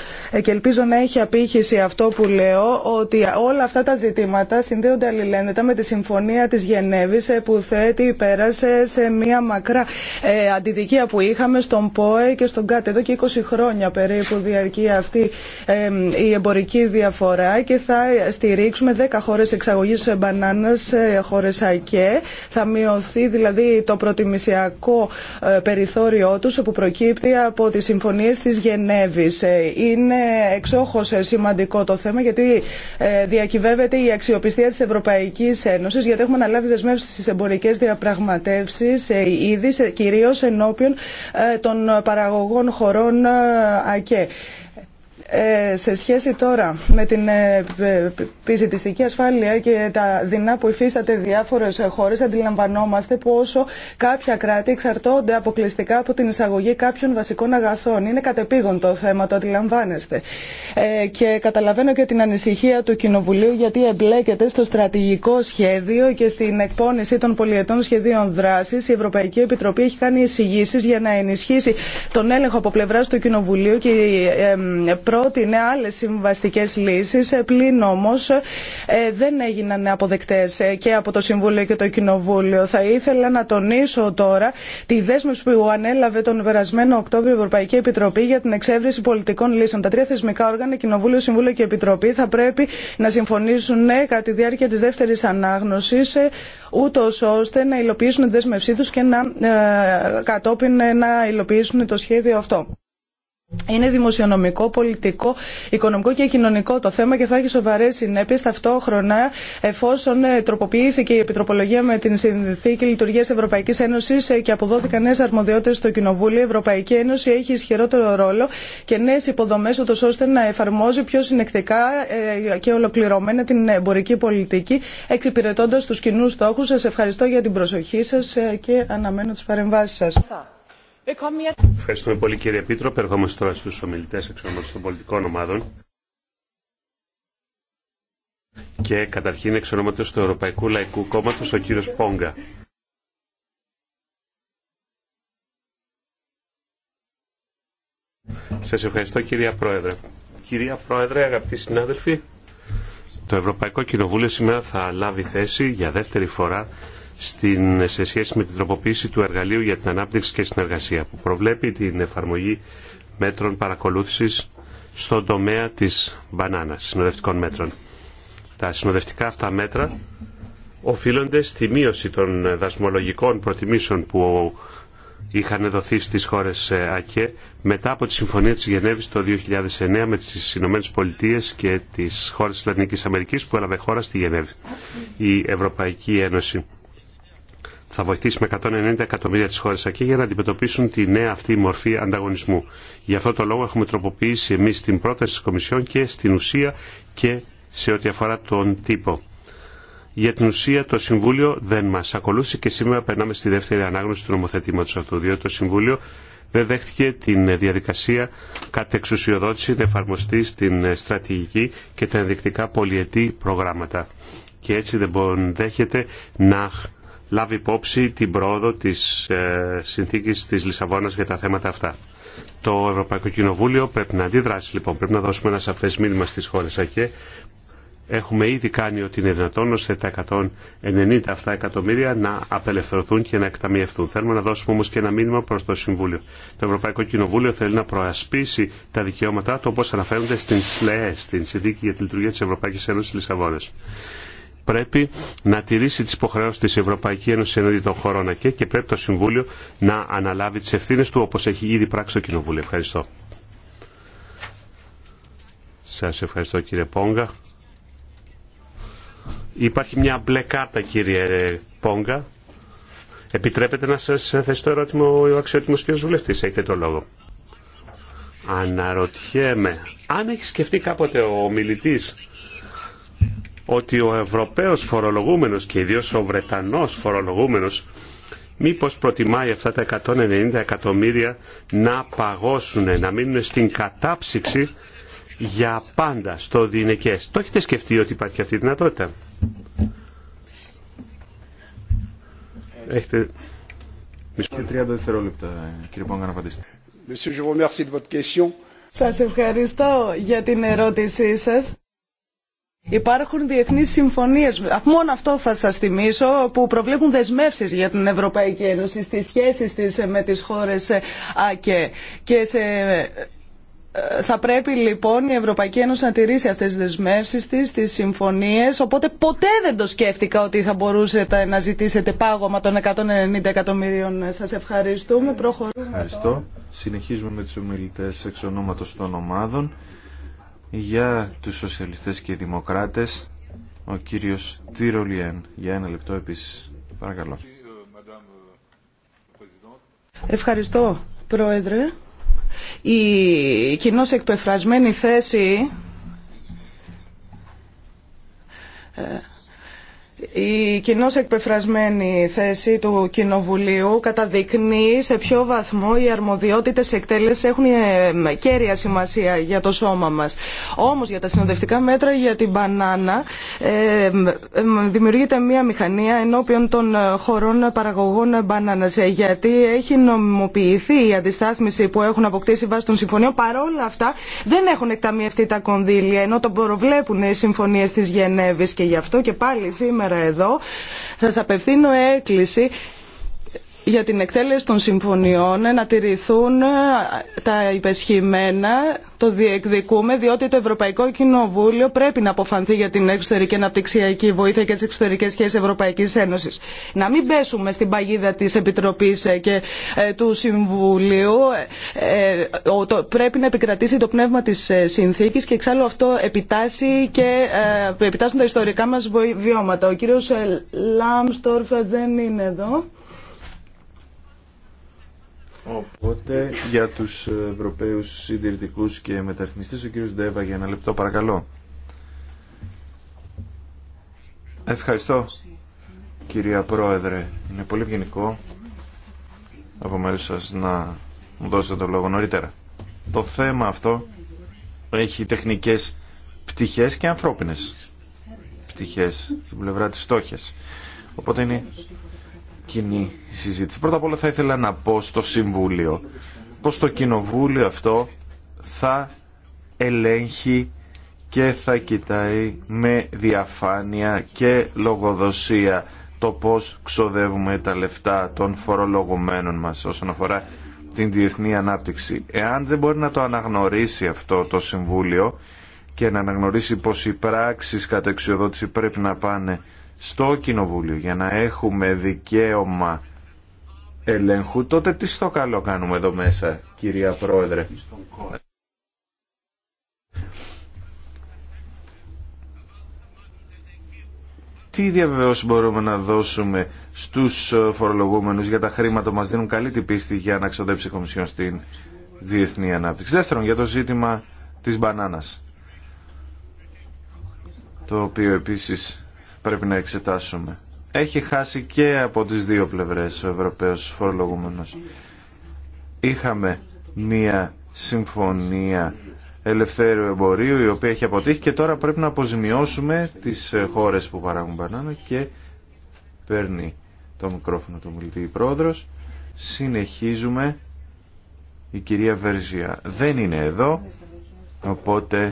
και ελπίζω να έχει απήχηση αυτό που λέω ότι όλα αυτά τα ζητήματα συνδέονται αλληλένδετα με τη Συμφωνία της Γενέβης ε, που θέτει πέρασε σε μια μακρά ε, αντιδικία που είχαμε στον ΠΟΕ και στον ΚΑΤ. Εδώ και 20 χρόνια περίπου διαρκεί αυτή η εμπορική διαφορά και θα στηρίξουμε 10 χώρες εξαγωγής μπανάνας, ε, χώρες ΑΚΕ. Θα μειωθεί δηλαδή το προτιμησιακό περιθώριό τους που προκύπτει από τις συμφωνίες της Γενέβης. Είναι εξόχως σημαντικό το θέμα γιατί ε, διακυβεύεται η αξιοπιστία της Ευρωπαϊκής Ένωσης γιατί έχουμε αναλάβει δεσμεύσεις στις εμπορικές διαπραγματεύσεις ήδη ε, ε, κυρίως ενώπιον των παραγωγών χωρών ΑΚΕ. Ε, σε σχέση τώρα με την επιζητιστική ασφάλεια και τα δεινά που υφίσταται διάφορες χώρες αντιλαμβανόμαστε πόσο κάποια κράτη εξαρτώνται αποκλειστικά από την εισαγωγή κάποιων βασικών αγαθών. Είναι κατεπήγον το θέμα, το αντιλαμβάνεστε. Ε, και καταλαβαίνω και την ανησυχία του Κοινοβουλίου γιατί εμπλέκεται στο στρατηγικό σχέδιο και στην εκπόνηση των πολιετών σχεδίων δράσης. Η Ευρωπαϊκή Επιτροπή έχει κάνει εισηγήσεις για να ενισχύσει τον έλεγχο από πλευράς του Κοινοβουλίου και ε, ότι πρότεινε άλλε συμβαστικέ λύσει. Ε, πλην όμως ε, δεν έγιναν αποδεκτές ε, και από το Συμβούλιο και το Κοινοβούλιο. Θα ήθελα να τονίσω τώρα τη δέσμευση που ανέλαβε τον περασμένο Οκτώβριο η Ευρωπαϊκή Επιτροπή για την εξέβριση πολιτικών λύσεων. Τα τρία θεσμικά όργανα, Κοινοβούλιο, Συμβούλιο και Επιτροπή, θα πρέπει να συμφωνήσουν κατά τη διάρκεια της δεύτερης ανάγνωσης, ούτω ώστε να υλοποιήσουν τη δέσμευσή του και να, κατόπιν να υλοποιήσουν το σχέδιο αυτό. Είναι δημοσιονομικό, πολιτικό, οικονομικό και κοινωνικό το θέμα και θα έχει σοβαρέ συνέπειε. Ταυτόχρονα, εφόσον ε, τροποποιήθηκε η Επιτροπολογία με την Συνθήκη Λειτουργία Ευρωπαϊκή Ένωση ε, και αποδόθηκαν νέε αρμοδιότητε στο Κοινοβούλιο, η Ευρωπαϊκή Ένωση έχει ισχυρότερο ρόλο και νέε υποδομέ, ώστε να εφαρμόζει πιο συνεκτικά ε, και ολοκληρωμένα την εμπορική πολιτική, εξυπηρετώντα του κοινού στόχου. Σα ευχαριστώ για την προσοχή σα και αναμένω τι παρεμβάσει σα. Ευχαριστούμε πολύ κύριε πίτρο. Ερχόμαστε τώρα στους ομιλητές εξ των πολιτικών ομάδων. Και καταρχήν εξ του Ευρωπαϊκού Λαϊκού Κόμματος ο κύριος Πόγκα. Σας ευχαριστώ κυρία Πρόεδρε. Κυρία Πρόεδρε, αγαπητοί συνάδελφοι, το Ευρωπαϊκό Κοινοβούλιο σήμερα θα λάβει θέση για δεύτερη φορά στην, σε σχέση με την τροποποίηση του εργαλείου για την ανάπτυξη και συνεργασία που προβλέπει την εφαρμογή μέτρων παρακολούθησης στον τομέα της μπανάνας, συνοδευτικών μέτρων. Τα συνοδευτικά αυτά μέτρα οφείλονται στη μείωση των δασμολογικών προτιμήσεων που είχαν δοθεί στις χώρες ε, ΑΚΕ μετά από τη Συμφωνία της Γενέβης το 2009 με τις Ηνωμένες Πολιτείες και τις χώρες της Λατινικής Αμερικής που έλαβε χώρα στη Γενέβη. Η Ευρωπαϊκή Ένωση θα βοηθήσει με 190 εκατομμύρια τις χώρες εκεί για να αντιμετωπίσουν τη νέα αυτή μορφή ανταγωνισμού. Γι' αυτό το λόγο έχουμε τροποποιήσει εμείς την πρόταση της Κομισιόν και στην ουσία και σε ό,τι αφορά τον τύπο. Για την ουσία το Συμβούλιο δεν μας ακολούθησε και σήμερα περνάμε στη δεύτερη ανάγνωση του νομοθετήματος αυτού, διότι το Συμβούλιο δεν δέχτηκε την διαδικασία κατ' εξουσιοδότηση να εφαρμοστεί στην στρατηγική και τα ενδεικτικά πολιετή προγράμματα. Και έτσι δεν δέχεται να λάβει υπόψη την πρόοδο της ε, συνθήκης της Λισαβόνας για τα θέματα αυτά. Το Ευρωπαϊκό Κοινοβούλιο πρέπει να αντιδράσει λοιπόν, πρέπει να δώσουμε ένα σαφές μήνυμα στις χώρες ΑΚΕ. Έχουμε ήδη κάνει ότι είναι δυνατόν ώστε τα 190 αυτά εκατομμύρια να απελευθερωθούν και να εκταμιευθούν. Θέλουμε να δώσουμε όμως και ένα μήνυμα προς το Συμβούλιο. Το Ευρωπαϊκό Κοινοβούλιο θέλει να προασπίσει τα δικαιώματά του όπως αναφέρονται στην ΣΛΕΕ, στην Συνθήκη για τη Λειτουργία της Ευρωπαϊκής Ένωσης Λισαβόνα πρέπει να τηρήσει τις υποχρεώσεις της Ευρωπαϊκή Ένωση ενώδη των χωρών ΑΚΕ και πρέπει το Συμβούλιο να αναλάβει τις ευθύνες του όπως έχει ήδη πράξει το Κοινοβούλιο. Ευχαριστώ. Σας ευχαριστώ κύριε Πόγκα. Υπάρχει μια μπλε κάρτα κύριε Πόγκα. Επιτρέπετε να σας θέσει το ερώτημα ο αξιότιμος κύριος βουλευτής. Έχετε το λόγο. Αναρωτιέμαι, αν έχει σκεφτεί κάποτε ο μιλητής ότι ο Ευρωπαίος φορολογούμενος και ιδίως ο Βρετανός φορολογούμενος μήπως προτιμάει αυτά τα 190 εκατομμύρια να παγώσουν, να μείνουν στην κατάψυξη για πάντα στο δίνεκες. Το έχετε σκεφτεί ότι υπάρχει αυτή η δυνατότητα. Έχετε... Σας ευχαριστώ για την ερώτησή σας. Υπάρχουν διεθνείς συμφωνίες, μόνο αυτό θα σας θυμίσω, που προβλέπουν δεσμεύσεις για την Ευρωπαϊκή Ένωση στις σχέσεις της με τις χώρες ΑΚΕ. Και σε... Ε, θα πρέπει λοιπόν η Ευρωπαϊκή Ένωση να τηρήσει αυτές τις δεσμεύσεις της, τις συμφωνίες, οπότε ποτέ δεν το σκέφτηκα ότι θα μπορούσατε να ζητήσετε πάγωμα των 190 εκατομμυρίων. Σας ευχαριστούμε. Προχωρούμε. Ευχαριστώ. Συνεχίζουμε με τους ομιλητές εξ ονόματος των ομάδων. Για τους σοσιαλιστές και δημοκράτες, ο κύριος Τυρολιέν. Για ένα λεπτό επίσης. Παρακαλώ. Ευχαριστώ, Πρόεδρε. Η κοινώ εκπεφρασμένη θέση ε, η κοινώ εκπεφρασμένη θέση του Κοινοβουλίου καταδεικνύει σε ποιο βαθμό οι αρμοδιότητε εκτέλεση έχουν ε, κέρια σημασία για το σώμα μα. Όμω για τα συνοδευτικά μέτρα για την μπανάνα ε, δημιουργείται μία μηχανία ενώπιον των ε, χωρών παραγωγών μπανάνα. Γιατί έχει νομιμοποιηθεί η αντιστάθμιση που έχουν αποκτήσει βάσει των συμφωνίων. Παρόλα αυτά δεν έχουν εκταμιευτεί τα κονδύλια ενώ το προβλέπουν οι συμφωνίε τη Γενέβη. Και γι' αυτό και πάλι σήμερα σήμερα εδώ. Σας απευθύνω έκκληση για την εκτέλεση των συμφωνιών να τηρηθούν ε, τα υπεσχημένα. Το διεκδικούμε διότι το Ευρωπαϊκό Κοινοβούλιο πρέπει να αποφανθεί για την εξωτερική αναπτυξιακή βοήθεια και τι εξωτερικέ σχέσει Ευρωπαϊκή Ένωση. Να μην πέσουμε στην παγίδα τη Επιτροπή ε, και ε, του Συμβουλίου. Πρέπει να επικρατήσει το πνεύμα τη συνθήκη και εξάλλου αυτό επιτάσσει και επιτάσσουν τα ιστορικά μα βιώματα. Ο κύριο Λάμστορφ δεν είναι εδώ. Οπότε για τους Ευρωπαίους συντηρητικούς και μεταρρυθμιστές, ο κύριος Ντέβα για ένα λεπτό παρακαλώ. Ευχαριστώ κυρία Πρόεδρε. Είναι πολύ ευγενικό από μέρους σας να μου δώσετε το λόγο νωρίτερα. Το θέμα αυτό έχει τεχνικές πτυχές και ανθρώπινες πτυχές στην πλευρά της φτώχειας. Οπότε είναι κοινή συζήτηση. Πρώτα απ' όλα θα ήθελα να πω στο Συμβούλιο πως το Κοινοβούλιο αυτό θα ελέγχει και θα κοιτάει με διαφάνεια και λογοδοσία το πώς ξοδεύουμε τα λεφτά των φορολογουμένων μας όσον αφορά την διεθνή ανάπτυξη. Εάν δεν μπορεί να το αναγνωρίσει αυτό το Συμβούλιο και να αναγνωρίσει πως οι πράξεις κατά εξοδότηση πρέπει να πάνε στο Κοινοβούλιο για να έχουμε δικαίωμα ελέγχου, τότε τι στο καλό κάνουμε εδώ μέσα, κυρία Πρόεδρε. Τι διαβεβαιώσει μπορούμε να δώσουμε στους φορολογούμενους για τα χρήματα που μας δίνουν καλή την πίστη για να ξοδέψει η Κομισιόν στην διεθνή ανάπτυξη. Δεύτερον, για το ζήτημα της μπανάνας, το οποίο επίσης πρέπει να εξετάσουμε. Έχει χάσει και από τις δύο πλευρές ο Ευρωπαίος φορολογούμενος. Είχαμε μία συμφωνία ελευθέρου εμπορίου η οποία έχει αποτύχει και τώρα πρέπει να αποζημιώσουμε τις χώρες που παράγουν μπανάνα και παίρνει το μικρόφωνο του μιλητή η πρόεδρος. Συνεχίζουμε η κυρία Βερζιά. Δεν είναι εδώ οπότε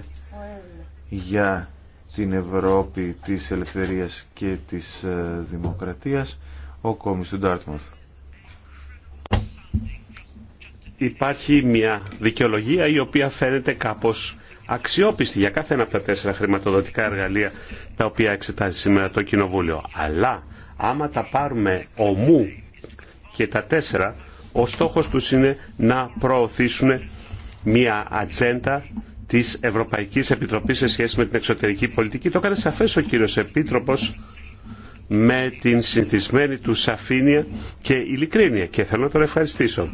για την Ευρώπη της ελευθερίας και της ε, δημοκρατίας, ο Κόμις του Ντάρτμαθ. Υπάρχει μια δικαιολογία η οποία φαίνεται κάπως αξιόπιστη για κάθε ένα από τα τέσσερα χρηματοδοτικά εργαλεία τα οποία εξετάζει σήμερα το Κοινοβούλιο. Αλλά άμα τα πάρουμε ομού και τα τέσσερα, ο στόχος τους είναι να προωθήσουν μια ατζέντα της Ευρωπαϊκής Επιτροπής σε σχέση με την εξωτερική πολιτική. Το έκανε σαφές ο κύριο Επίτροπος με την συνηθισμένη του σαφήνεια και ειλικρίνεια και θέλω να τον ευχαριστήσω.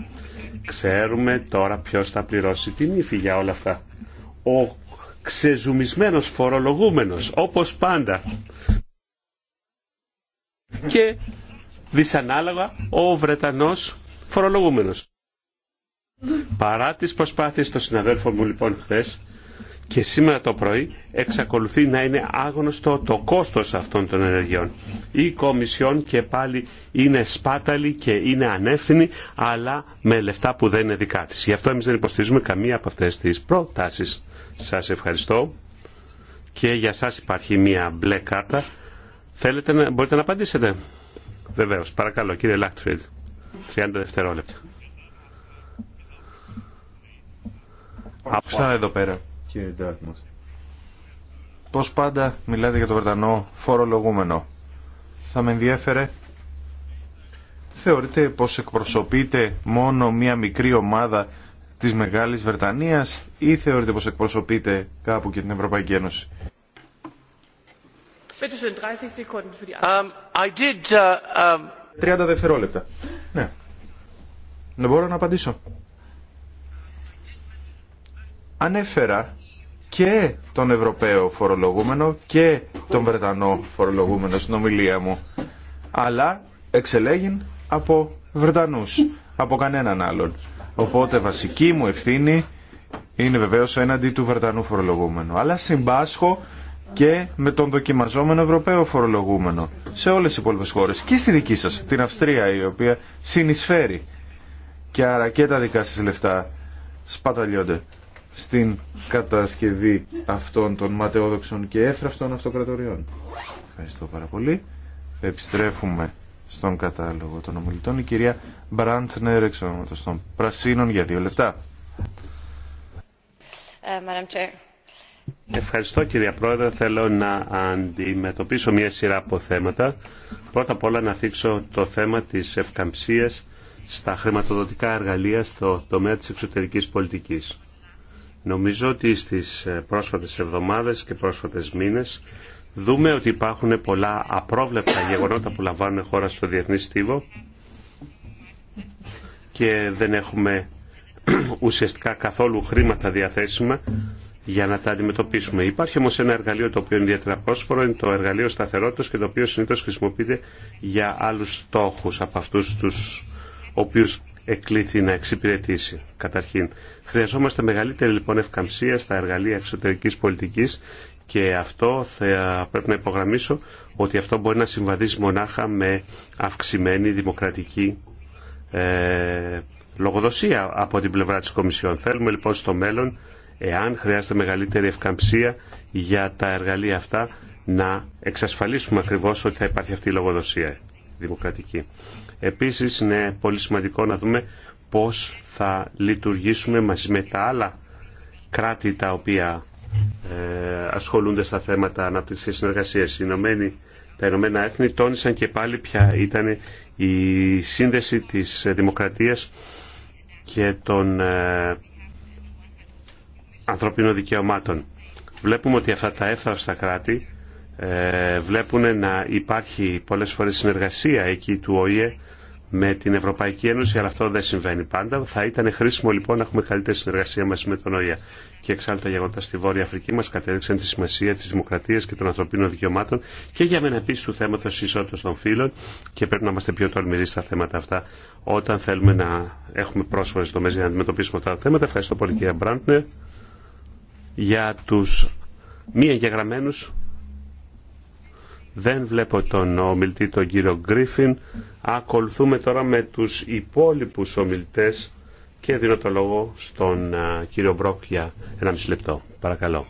Ξέρουμε τώρα ποιο θα πληρώσει την ύφη για όλα αυτά. Ο ξεζουμισμένος φορολογούμενος, όπως πάντα. Και δυσανάλογα ο Βρετανός φορολογούμενος. Παρά τις προσπάθειες των συναδέλφων μου λοιπόν χθε και σήμερα το πρωί εξακολουθεί να είναι άγνωστο το κόστο αυτών των ενεργειών. Η Κομισιόν και πάλι είναι σπάταλη και είναι ανεύθυνη αλλά με λεφτά που δεν είναι δικά τη. Γι' αυτό εμεί δεν υποστηρίζουμε καμία από αυτέ τι προτάσει. Σα ευχαριστώ και για σας υπάρχει μία μπλε κάρτα. Θέλετε να, μπορείτε να απαντήσετε. Βεβαίως. Παρακαλώ κύριε Λάκτφριντ. 30 δευτερόλεπτα. Άψα εδώ πέρα, κύριε Πώς πάντα μιλάτε για το Βρετανό φορολογούμενο. Θα με ενδιέφερε. Θεωρείτε πως εκπροσωπείτε μόνο μία μικρή ομάδα της Μεγάλης Βρετανίας ή θεωρείτε πως εκπροσωπείτε κάπου και την Ευρωπαϊκή Ένωση. 30 um, uh, um, δευτερόλεπτα. Ναι. Δεν μπορώ να απαντήσω ανέφερα και τον Ευρωπαίο φορολογούμενο και τον Βρετανό φορολογούμενο στην ομιλία μου. Αλλά εξελέγην από Βρετανούς, από κανέναν άλλον. Οπότε βασική μου ευθύνη είναι βεβαίως έναντι του Βρετανού φορολογούμενου. Αλλά συμπάσχω και με τον δοκιμαζόμενο Ευρωπαίο φορολογούμενο σε όλες τις υπόλοιπες χώρες και στη δική σας, την Αυστρία η οποία συνεισφέρει και άρα και τα δικά σας λεφτά σπαταλιώνται στην κατασκευή αυτών των ματαιόδοξων και έφραυστων αυτοκρατοριών. Ευχαριστώ πάρα πολύ. Επιστρέφουμε στον κατάλογο των ομιλητών. Η κυρία Μπράντ εξονόματος των Πρασίνων για δύο λεπτά. Ε, Ευχαριστώ κυρία Πρόεδρε. Θέλω να αντιμετωπίσω μια σειρά από θέματα. Πρώτα απ' όλα να θίξω το θέμα της ευκαμψίας στα χρηματοδοτικά εργαλεία στο τομέα της εξωτερικής πολιτικής. Νομίζω ότι στις ε, πρόσφατες εβδομάδες και πρόσφατες μήνες δούμε ότι υπάρχουν πολλά απρόβλεπτα γεγονότα που λαμβάνουν χώρα στο διεθνή στίβο και δεν έχουμε ουσιαστικά καθόλου χρήματα διαθέσιμα για να τα αντιμετωπίσουμε. Υπάρχει όμως ένα εργαλείο το οποίο είναι ιδιαίτερα πρόσφορο, είναι το εργαλείο σταθερότητας και το οποίο συνήθως χρησιμοποιείται για άλλους στόχους από αυτού του οποίου εκλήθη να εξυπηρετήσει. Καταρχήν, χρειαζόμαστε μεγαλύτερη λοιπόν ευκαμψία στα εργαλεία εξωτερικής πολιτικής και αυτό θα πρέπει να υπογραμμίσω ότι αυτό μπορεί να συμβαδίσει μονάχα με αυξημένη δημοκρατική ε, λογοδοσία από την πλευρά της Κομισιόν. Θέλουμε λοιπόν στο μέλλον, εάν χρειάζεται μεγαλύτερη ευκαμψία για τα εργαλεία αυτά, να εξασφαλίσουμε ακριβώς ότι θα υπάρχει αυτή η λογοδοσία δημοκρατική. Επίσης είναι πολύ σημαντικό να δούμε πώς θα λειτουργήσουμε μαζί με τα άλλα κράτη τα οποία ε, ασχολούνται στα θέματα ανάπτυξης συνεργασίας. τα Ηνωμένα Έθνη τόνισαν και πάλι ποια ήταν η σύνδεση της δημοκρατίας και των ε, ανθρωπίνων δικαιωμάτων. Βλέπουμε ότι αυτά τα στα κράτη ε, βλέπουν να υπάρχει πολλές φορές συνεργασία εκεί του ΟΗΕ με την Ευρωπαϊκή Ένωση, αλλά αυτό δεν συμβαίνει πάντα. Θα ήταν χρήσιμο λοιπόν να έχουμε καλύτερη συνεργασία μαζί με τον ΟΗΕ. Και εξάλλου τα γεγονότα στη Βόρεια Αφρική μα κατέδειξαν τη σημασία τη δημοκρατία και των ανθρωπίνων δικαιωμάτων και για μένα επίση του θέματο ισότητα των φύλων και πρέπει να είμαστε πιο τολμηροί στα θέματα αυτά όταν θέλουμε να έχουμε πρόσφορε δομέ για να αντιμετωπίσουμε αυτά τα θέματα. Ευχαριστώ πολύ κύριε Μπράντνερ για του μη εγγεγραμμένου δεν βλέπω τον ομιλητή τον κύριο Γκρίφιν. Ακολουθούμε τώρα με τους υπόλοιπους ομιλητές και δίνω το λόγο στον κύριο Μπρόκ για ένα μισή λεπτό. Παρακαλώ.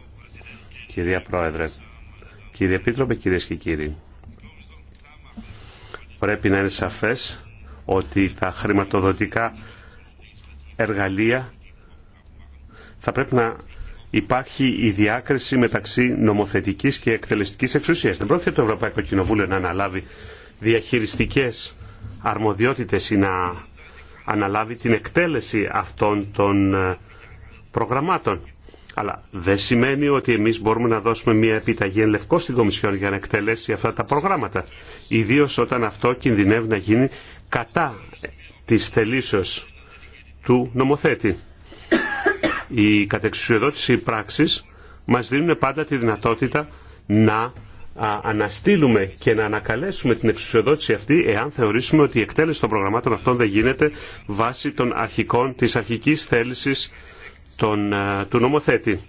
Κυρία Πρόεδρε, κύριε Επίτροπε, κυρίες και κύριοι. Πρέπει να είναι σαφές ότι τα χρηματοδοτικά εργαλεία θα πρέπει να υπάρχει η διάκριση μεταξύ νομοθετικής και εκτελεστικής εξουσίας. Δεν πρόκειται το Ευρωπαϊκό Κοινοβούλιο να αναλάβει διαχειριστικές αρμοδιότητες ή να αναλάβει την εκτέλεση αυτών των ε, προγραμμάτων. Αλλά δεν σημαίνει ότι εμείς μπορούμε να δώσουμε μια επιταγή εν λευκό στην Κομισιόν για να εκτελέσει αυτά τα προγράμματα. Ιδίω όταν αυτό κινδυνεύει να γίνει κατά της θελήσεως του νομοθέτη. Η κατεξουσιοδότηση πράξεις μας δίνουν πάντα τη δυνατότητα να αναστείλουμε και να ανακαλέσουμε την εξουσιοδότηση αυτή εάν θεωρήσουμε ότι η εκτέλεση των προγραμμάτων αυτών δεν γίνεται βάσει των αρχικών, της αρχικής θέλησης των, του νομοθέτη.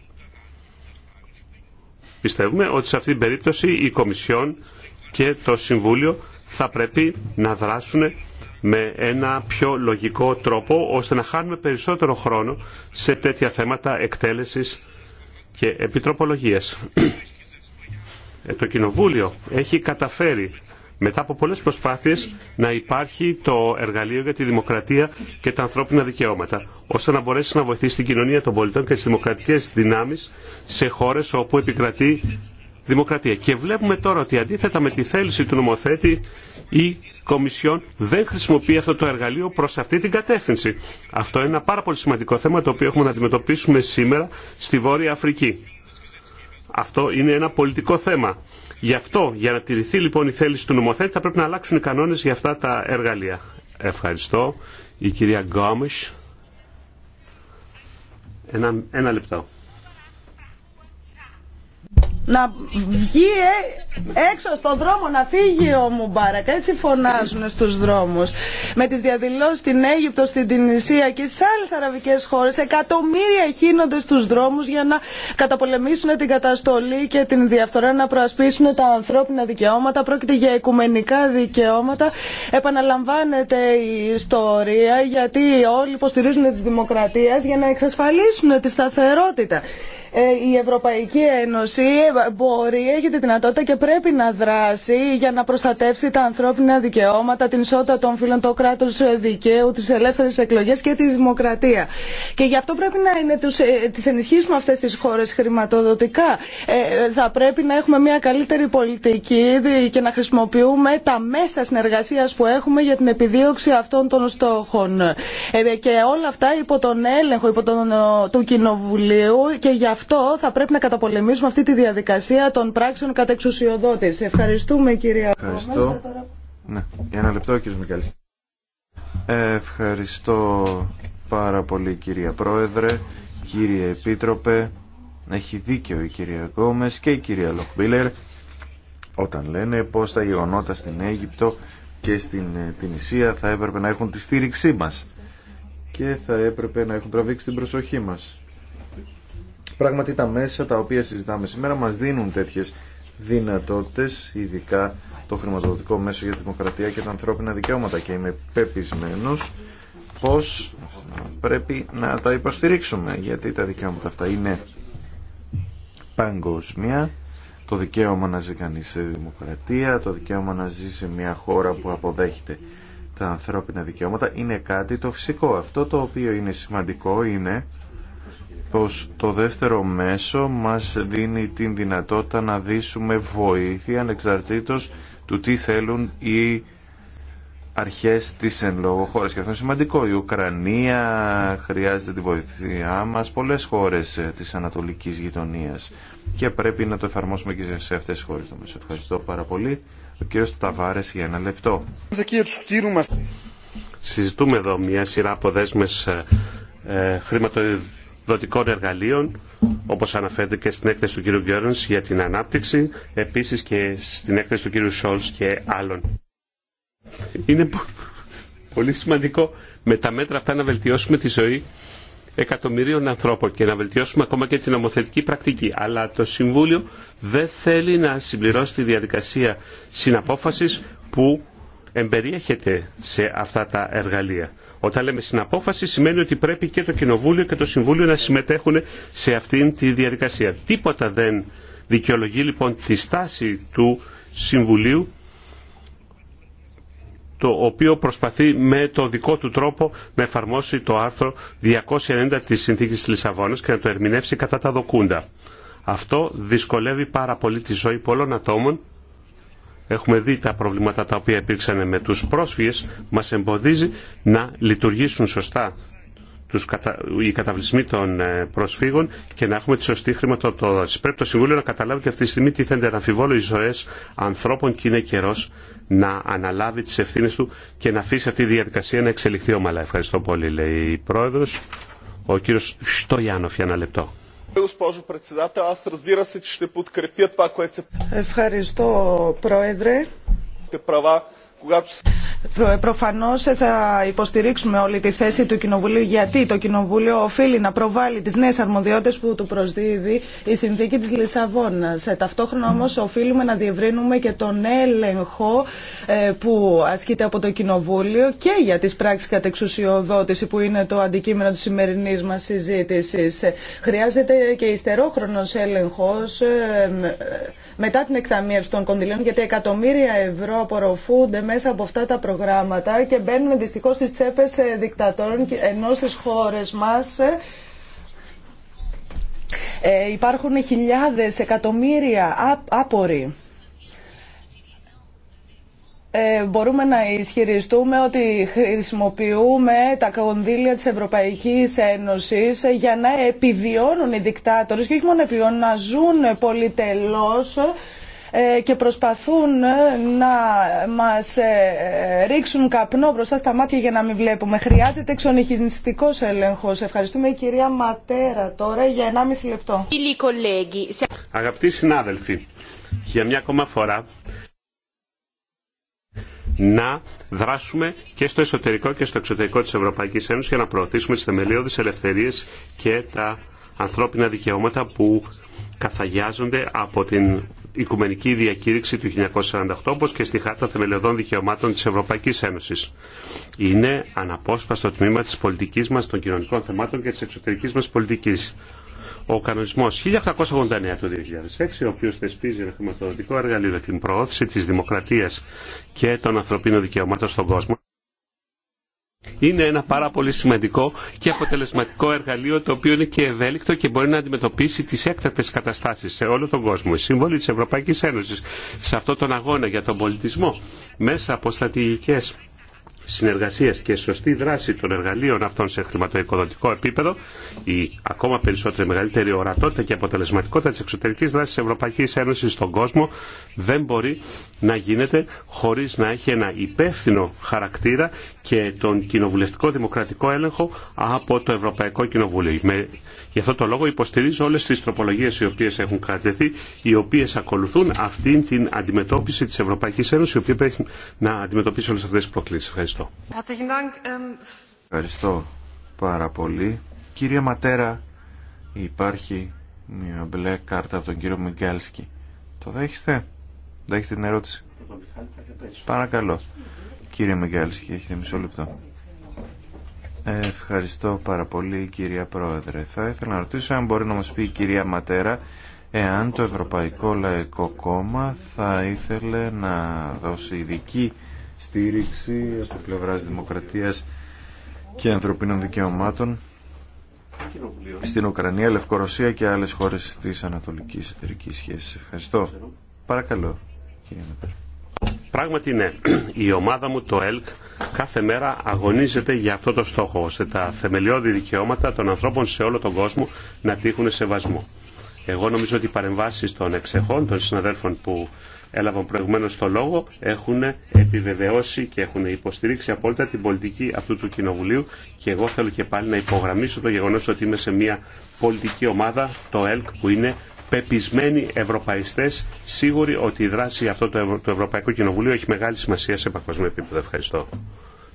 Πιστεύουμε ότι σε αυτήν την περίπτωση η Κομισιόν και το Συμβούλιο θα πρέπει να δράσουν με ένα πιο λογικό τρόπο ώστε να χάνουμε περισσότερο χρόνο σε τέτοια θέματα εκτέλεσης και επιτροπολογίας. Ε, το Κοινοβούλιο έχει καταφέρει μετά από πολλές προσπάθειες να υπάρχει το εργαλείο για τη δημοκρατία και τα ανθρώπινα δικαιώματα, ώστε να μπορέσει να βοηθήσει την κοινωνία των πολιτών και τις δημοκρατικές δυνάμεις σε χώρες όπου επικρατεί δημοκρατία. Και βλέπουμε τώρα ότι αντίθετα με τη θέληση του νομοθέτη η Κομισιόν δεν χρησιμοποιεί αυτό το εργαλείο προς αυτή την κατεύθυνση. Αυτό είναι ένα πάρα πολύ σημαντικό θέμα το οποίο έχουμε να αντιμετωπίσουμε σήμερα στη Βόρεια Αφρική. Αυτό είναι ένα πολιτικό θέμα. Γι' αυτό, για να τηρηθεί λοιπόν η θέληση του νομοθέτη, θα πρέπει να αλλάξουν οι κανόνες για αυτά τα εργαλεία. Ευχαριστώ. Η κυρία Γκόμισ. Ένα, ένα λεπτό να βγει ε, έξω στον δρόμο, να φύγει ο Μουμπάρακ. Έτσι φωνάζουν στους δρόμους. Με τις διαδηλώσεις στην Αίγυπτο, στην Τινησία και σε άλλες αραβικές χώρες, εκατομμύρια χύνονται στους δρόμους για να καταπολεμήσουν την καταστολή και την διαφθορά, να προασπίσουν τα ανθρώπινα δικαιώματα. Πρόκειται για οικουμενικά δικαιώματα. Επαναλαμβάνεται η ιστορία γιατί όλοι υποστηρίζουν τη δημοκρατία για να εξασφαλίσουν τη σταθερότητα. Ε, η Ευρωπαϊκή Ένωση μπορεί, έχει τη δυνατότητα και πρέπει να δράσει για να προστατεύσει τα ανθρώπινα δικαιώματα, την ισότητα των φίλων, το κράτο δικαίου, τι ελεύθερε εκλογέ και τη δημοκρατία. Και γι' αυτό πρέπει να είναι τους, ε, τις ενισχύσουμε αυτέ τι χώρε χρηματοδοτικά. Ε, θα πρέπει να έχουμε μια καλύτερη πολιτική και να χρησιμοποιούμε τα μέσα συνεργασία που έχουμε για την επιδίωξη αυτών των στόχων. και όλα αυτά υπό τον έλεγχο υπό τον, του Κοινοβουλίου και γι' αυτό θα πρέπει να καταπολεμήσουμε αυτή τη διαδικασία των πράξεων κατά εξουσιοδότηση. Ευχαριστούμε κυρία Ευχαριστώ. Ε, ναι, για ένα λεπτό κύριε Μικαλής. Ευχαριστώ πάρα πολύ κυρία Πρόεδρε, κύριε Επίτροπε. Έχει δίκαιο η κυρία Γκόμες και η κυρία Λοχμπίλερ όταν λένε πως τα γεγονότα στην Αίγυπτο και στην ε, την θα έπρεπε να έχουν τη στήριξή μας και θα έπρεπε να έχουν τραβήξει την προσοχή μας. Πράγματι τα μέσα τα οποία συζητάμε σήμερα μας δίνουν τέτοιες δυνατότητες, ειδικά το χρηματοδοτικό μέσο για τη δημοκρατία και τα ανθρώπινα δικαιώματα και είμαι πεπισμένος πως πρέπει να τα υποστηρίξουμε γιατί τα δικαιώματα αυτά είναι παγκόσμια το δικαίωμα να ζει κανείς σε δημοκρατία, το δικαίωμα να ζει σε μια χώρα που αποδέχεται τα ανθρώπινα δικαιώματα είναι κάτι το φυσικό. Αυτό το οποίο είναι σημαντικό είναι πως το δεύτερο μέσο μας δίνει την δυνατότητα να δίσουμε βοήθεια ανεξαρτήτως του τι θέλουν οι αρχές της εν λόγω χώρας. Και αυτό είναι σημαντικό. Η Ουκρανία χρειάζεται τη βοήθειά μας, πολλές χώρες της Ανατολικής Γειτονίας και πρέπει να το εφαρμόσουμε και σε αυτές τις χώρες. Σας ευχαριστώ πάρα πολύ. Ο κύριος Ταβάρες για ένα λεπτό. Συζητούμε εδώ μια σειρά από ε, ε δοτικών εργαλείων, όπως αναφέρεται και στην έκθεση του κ. Γκέρνς για την ανάπτυξη, επίσης και στην έκθεση του κ. Σόλτς και άλλων. Είναι πολύ σημαντικό με τα μέτρα αυτά να βελτιώσουμε τη ζωή εκατομμυρίων ανθρώπων και να βελτιώσουμε ακόμα και την νομοθετική πρακτική. Αλλά το Συμβούλιο δεν θέλει να συμπληρώσει τη διαδικασία συναπόφασης που εμπεριέχεται σε αυτά τα εργαλεία. Όταν λέμε συναπόφαση σημαίνει ότι πρέπει και το Κοινοβούλιο και το Συμβούλιο να συμμετέχουν σε αυτήν τη διαδικασία. Τίποτα δεν δικαιολογεί λοιπόν τη στάση του Συμβουλίου το οποίο προσπαθεί με το δικό του τρόπο να εφαρμόσει το άρθρο 290 της Συνθήκης της Λισαβόνας και να το ερμηνεύσει κατά τα δοκούντα. Αυτό δυσκολεύει πάρα πολύ τη ζωή πολλών ατόμων Έχουμε δει τα προβλήματα τα οποία υπήρξαν με τους πρόσφυγες, μας εμποδίζει να λειτουργήσουν σωστά τους κατα... οι καταβλισμοί των ε, προσφύγων και να έχουμε τη σωστή χρηματοδότηση. Πρέπει το Συμβούλιο να καταλάβει και αυτή τη στιγμή τι θέλετε να αμφιβόλω οι ζωές ανθρώπων και είναι καιρό να αναλάβει τις ευθύνες του και να αφήσει αυτή τη διαδικασία να εξελιχθεί ομαλά. Ευχαριστώ πολύ, λέει η Πρόεδρος. Ο κύριος Στοιάνοφ για ένα λεπτό. Ευχαριστώ, Πρόεδρε. Προφανώ ε, θα υποστηρίξουμε όλη τη θέση του Κοινοβουλίου γιατί το Κοινοβούλιο οφείλει να προβάλλει τι νέε αρμοδιότητε που του προσδίδει η συνθήκη τη Λισαβόνα. Ε, ταυτόχρονα όμω, οφείλουμε να διευρύνουμε και τον έλεγχο ε, που ασκείται από το Κοινοβούλιο και για τις πράξεις κατεξουσιοδότηση που είναι το αντικείμενο τη σημερινή μα συζήτηση. Χρειάζεται και υστερόχρονο έλεγχος μετά την εκταμείευση των κονδυλίων γιατί εκατομμύρια ευρώ απορροφούνται μέσα από αυτά τα προγράμματα και μπαίνουν δυστυχώς στις τσέπες ε, δικτατόρων ενώ στις χώρες μας ε, ε, υπάρχουν χιλιάδες, εκατομμύρια άποροι. Ε, μπορούμε να ισχυριστούμε ότι χρησιμοποιούμε τα κονδύλια της Ευρωπαϊκής Ένωσης για να επιβιώνουν οι δικτάτορες και όχι μόνο επιβιώνουν, να ζουν πολυτελώς ε, και προσπαθούν ε, να μας ε, ρίξουν καπνό μπροστά στα μάτια για να μην βλέπουμε. Χρειάζεται εξονυχιστικό έλεγχος. Ευχαριστούμε η κυρία Ματέρα τώρα για 1,5 λεπτό. Αγαπητοί συνάδελφοι, για μια ακόμα φορά να δράσουμε και στο εσωτερικό και στο εξωτερικό της Ευρωπαϊκής Ένωσης για να προωθήσουμε τις θεμελιώδεις ελευθερίες και τα ανθρώπινα δικαιώματα που καθαγιάζονται από την Οικουμενική Διακήρυξη του 1948 όπως και στη Χάρτα Θεμελιωδών Δικαιωμάτων της Ευρωπαϊκής Ένωσης. Είναι αναπόσπαστο τμήμα της πολιτικής μας, των κοινωνικών θεμάτων και της εξωτερικής μας πολιτικής. Ο κανονισμός 1889 του 2006, ο οποίος θεσπίζει ένα χρηματοδοτικό εργαλείο για την προώθηση τη δημοκρατία και των ανθρωπίνων δικαιωμάτων στον κόσμο, είναι ένα πάρα πολύ σημαντικό και αποτελεσματικό εργαλείο το οποίο είναι και ευέλικτο και μπορεί να αντιμετωπίσει τις έκτατες καταστάσεις σε όλο τον κόσμο. Οι συμβολή της Ευρωπαϊκής Ένωσης σε αυτόν τον αγώνα για τον πολιτισμό μέσα από στρατηγικές συνεργασίας και σωστή δράση των εργαλείων αυτών σε χρηματοοικοδοτικό επίπεδο, η ακόμα περισσότερη μεγαλύτερη ορατότητα και αποτελεσματικότητα της εξωτερικής δράσης της Ευρωπαϊκής Ένωσης στον κόσμο δεν μπορεί να γίνεται χωρίς να έχει ένα υπεύθυνο χαρακτήρα και τον κοινοβουλευτικό δημοκρατικό έλεγχο από το Ευρωπαϊκό Κοινοβούλιο. Γι' αυτό το λόγο υποστηρίζω όλες τις τροπολογίες οι οποίες έχουν κατεθεί, οι οποίες ακολουθούν αυτήν την αντιμετώπιση της Ευρωπαϊκής Ένωσης, η οποία πρέπει να αντιμετωπίσει όλες αυτές τις προκλήσεις. Ähm, ευχαριστώ. πάρα πολύ. Κυρία Ματέρα, υπάρχει μια μπλε κάρτα από τον κύριο Μιγκάλσκι. Το δέχεστε? Δέχεστε την ερώτηση. Παρακαλώ. Κύριε Μιγκάλσκι, έχετε μισό λεπτό. Ευχαριστώ πάρα πολύ κυρία Πρόεδρε. Θα ήθελα να ρωτήσω αν μπορεί να μας πει η κυρία Ματέρα εάν το Ευρωπαϊκό Λαϊκό Κόμμα θα ήθελε να δώσει ειδική στήριξη από Πλευρά δημοκρατίας και ανθρωπίνων δικαιωμάτων στην Ουκρανία, Λευκορωσία και άλλες χώρες της Ανατολικής Εταιρική σχέση. Ευχαριστώ. Παρακαλώ, κύριε Πράγματι ναι, η ομάδα μου, το ΕΛΚ, κάθε μέρα αγωνίζεται για αυτό το στόχο, ώστε τα θεμελιώδη δικαιώματα των ανθρώπων σε όλο τον κόσμο να τύχουν σεβασμό. Εγώ νομίζω ότι οι παρεμβάσει των εξεχών, των συναδέλφων που έλαβαν προηγουμένω το λόγο έχουν επιβεβαιώσει και έχουν υποστηρίξει απόλυτα την πολιτική αυτού του Κοινοβουλίου και εγώ θέλω και πάλι να υπογραμμίσω το γεγονό ότι είμαι σε μια πολιτική ομάδα, το ΕΛΚ, που είναι πεπισμένοι ευρωπαϊστέ, σίγουροι ότι η δράση αυτό το, Ευρω... το Ευρωπαϊκό Κοινοβουλίο έχει μεγάλη σημασία σε παγκόσμιο επίπεδο. Ευχαριστώ.